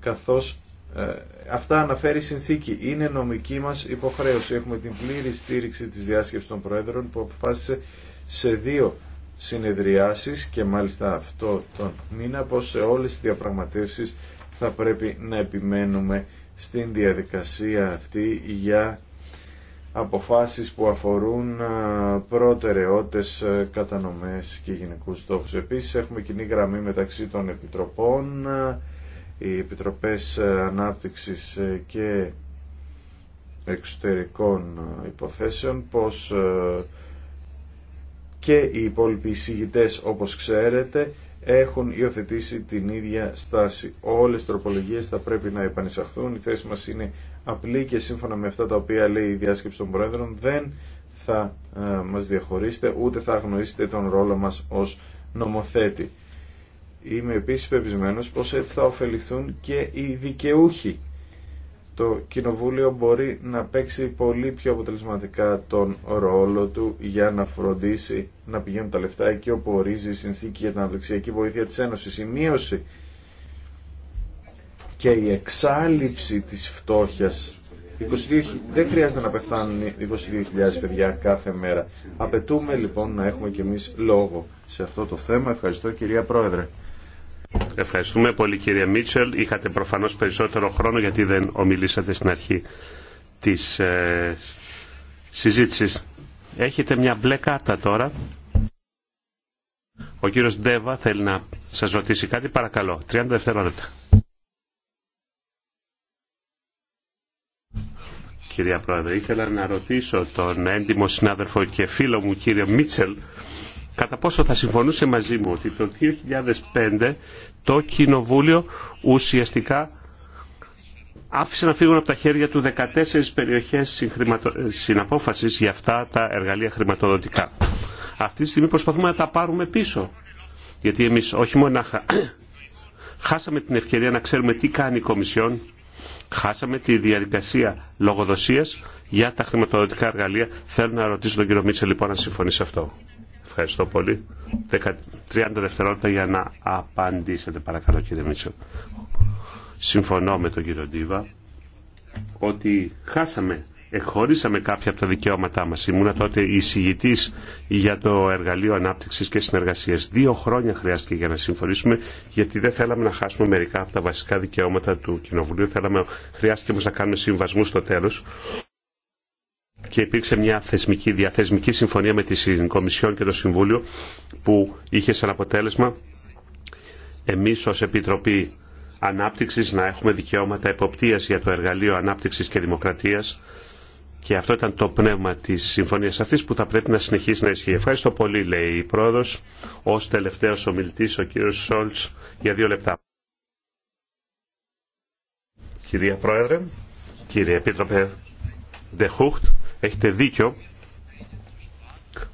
καθώς ε, αυτά αναφέρει η συνθήκη. Είναι νομική μας υποχρέωση. Έχουμε την πλήρη στήριξη της διάσκεψης των Προέδρων που αποφάσισε σε δύο συνεδριάσεις και μάλιστα αυτό τον μήνα πως σε όλες τις διαπραγματεύσεις θα πρέπει να επιμένουμε στην διαδικασία αυτή για αποφάσεις που αφορούν προτεραιότητες, κατανομές και γενικούς στόχους. Επίσης έχουμε κοινή γραμμή μεταξύ των επιτροπών, οι επιτροπές ανάπτυξης και εξωτερικών υποθέσεων, πως και οι υπόλοιποι εισηγητές, όπως ξέρετε, έχουν υιοθετήσει την ίδια στάση. Όλες οι τροπολογίες θα πρέπει να επανεισαχθούν. Η θέση μας είναι απλή και σύμφωνα με αυτά τα οποία λέει η διάσκεψη των Πρόεδρων δεν θα ε, μας διαχωρίσετε ούτε θα αγνοήσετε τον ρόλο μας ως νομοθέτη. Είμαι επίσης πεπισμένος πως έτσι θα ωφεληθούν και οι δικαιούχοι. Το Κοινοβούλιο μπορεί να παίξει πολύ πιο αποτελεσματικά τον ρόλο του για να φροντίσει να πηγαίνουν τα λεφτά εκεί όπου ορίζει η συνθήκη για την αναπτυξιακή βοήθεια της Ένωσης. Η μείωση και η εξάλληψη της φτώχειας 22, δεν χρειάζεται να πεθάνουν 22.000 παιδιά κάθε μέρα. Απαιτούμε λοιπόν να έχουμε κι εμείς λόγο σε αυτό το θέμα. Ευχαριστώ κυρία Πρόεδρε. Ευχαριστούμε πολύ κυρία Μίτσελ. Είχατε προφανώς περισσότερο χρόνο γιατί δεν ομιλήσατε στην αρχή της ε, συζήτησης. Έχετε μια μπλε κάρτα τώρα. Ο κύριος Ντέβα θέλει να σας ρωτήσει κάτι. Παρακαλώ. 30 δευτερόλεπτα. κυρία Πρόεδρε. Ήθελα να ρωτήσω τον έντιμο συνάδελφο και φίλο μου κύριο Μίτσελ κατά πόσο θα συμφωνούσε μαζί μου ότι το 2005 το Κοινοβούλιο ουσιαστικά άφησε να φύγουν από τα χέρια του 14 περιοχές συναπόφασης για αυτά τα εργαλεία χρηματοδοτικά. Αυτή τη στιγμή προσπαθούμε να τα πάρουμε πίσω. Γιατί εμείς όχι μόνο χάσαμε την ευκαιρία να ξέρουμε τι κάνει η Κομισιόν, Χάσαμε τη διαδικασία λογοδοσίας για τα χρηματοδοτικά εργαλεία. Θέλω να ρωτήσω τον κύριο Μίτσελ λοιπόν να συμφωνεί σε αυτό. Ευχαριστώ πολύ. 30 δευτερόλεπτα για να απαντήσετε παρακαλώ κύριε Μίτσελ. Συμφωνώ με τον κύριο Ντίβα ότι χάσαμε εχωρίσαμε κάποια από τα δικαιώματά μας. Ήμουνα τότε εισηγητή για το Εργαλείο Ανάπτυξης και Συνεργασίας. Δύο χρόνια χρειάστηκε για να συμφωνήσουμε, γιατί δεν θέλαμε να χάσουμε μερικά από τα βασικά δικαιώματα του Κοινοβουλίου. Θέλαμε, χρειάστηκε όμως να κάνουμε συμβασμού στο τέλος. Και υπήρξε μια θεσμική, διαθεσμική συμφωνία με τη Κομισιόν και το Συμβούλιο που είχε σαν αποτέλεσμα εμείς ως Επιτροπή Ανάπτυξης να έχουμε δικαιώματα εποπτείας για το Εργαλείο Ανάπτυξης και Δημοκρατίας και αυτό ήταν το πνεύμα τη συμφωνία αυτή που θα πρέπει να συνεχίσει να ισχύει. Ευχαριστώ πολύ, λέει η πρόεδρο. Ω τελευταίο ομιλητή, ο κύριο Σόλτ, για δύο λεπτά. Κυρία Πρόεδρε, κύριε Επίτροπε Δεχούχτ, έχετε δίκιο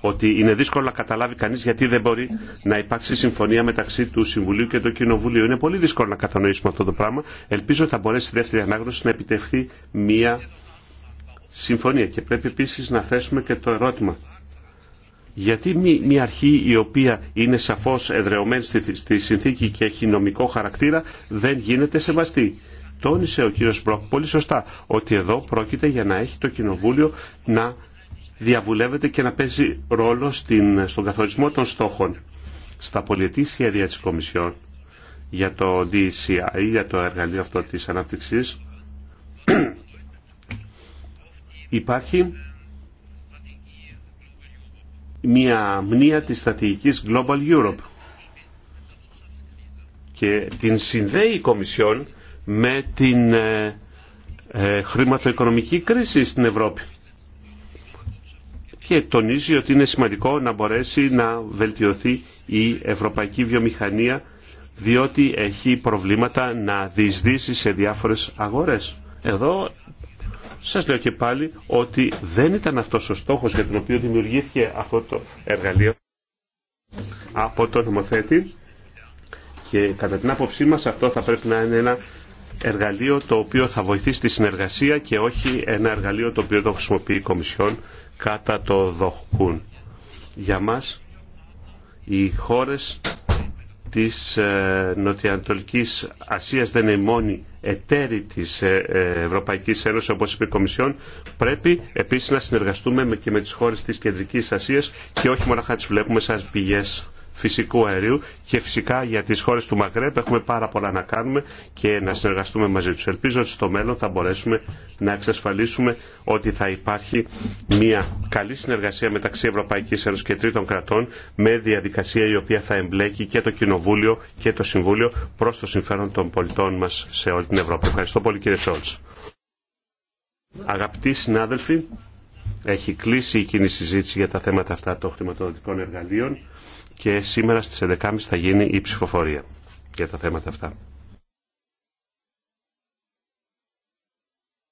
ότι είναι δύσκολο να καταλάβει κανείς γιατί δεν μπορεί να υπάρξει συμφωνία μεταξύ του Συμβουλίου και του Κοινοβουλίου. Είναι πολύ δύσκολο να κατανοήσουμε αυτό το πράγμα. Ελπίζω ότι θα μπορέσει στη δεύτερη ανάγνωση να επιτευχθεί μία συμφωνία. Και πρέπει επίσης να θέσουμε και το ερώτημα. Γιατί μια αρχή η οποία είναι σαφώς εδρεωμένη στη συνθήκη και έχει νομικό χαρακτήρα δεν γίνεται σεβαστή. Τόνισε ο κύριος Μπροκ πολύ σωστά ότι εδώ πρόκειται για να έχει το Κοινοβούλιο να διαβουλεύεται και να παίζει ρόλο στην, στον καθορισμό των στόχων. Στα πολιτή σχέδια της Κομισιόν για το DCI, για το εργαλείο αυτό της ανάπτυξης, Υπάρχει μια μνήα της στρατηγικής Global Europe και την συνδέει η Κομισιόν με την ε, ε, χρηματοοικονομική κρίση στην Ευρώπη και τονίζει ότι είναι σημαντικό να μπορέσει να βελτιωθεί η ευρωπαϊκή βιομηχανία διότι έχει προβλήματα να διεισδύσει σε διάφορες αγορές. Εδώ σας λέω και πάλι ότι δεν ήταν αυτός ο στόχος για τον οποίο δημιουργήθηκε αυτό το εργαλείο από τον νομοθέτη και κατά την άποψή μας αυτό θα πρέπει να είναι ένα εργαλείο το οποίο θα βοηθήσει τη συνεργασία και όχι ένα εργαλείο το οποίο το χρησιμοποιεί η Κομισιόν κατά το δοχκούν. Για μας οι χώρες της ε, Νοτιοανατολικής Ασίας δεν είναι η μόνη εταίρη της ε, ε, Ευρωπαϊκής Ένωσης όπως είπε η Κομισιόν πρέπει επίσης να συνεργαστούμε και με τις χώρες της Κεντρικής Ασίας και όχι μόνο να τις βλέπουμε σαν πηγές φυσικού αερίου και φυσικά για τις χώρες του Μαγκρέπ έχουμε πάρα πολλά να κάνουμε και να συνεργαστούμε μαζί τους. Ελπίζω ότι στο μέλλον θα μπορέσουμε να εξασφαλίσουμε ότι θα υπάρχει μια καλή συνεργασία μεταξύ Ευρωπαϊκής Ένωσης και Τρίτων κρατών με διαδικασία η οποία θα εμπλέκει και το Κοινοβούλιο και το Συμβούλιο προς το συμφέρον των πολιτών μας σε όλη την Ευρώπη. Ευχαριστώ πολύ κύριε Σόλτς. Αγαπητοί συνάδελφοι, έχει κλείσει η κοινή συζήτηση για τα θέματα αυτά των χρηματοδοτικών εργαλείων και σήμερα στις 11.30 θα γίνει η ψηφοφορία για τα θέματα αυτά.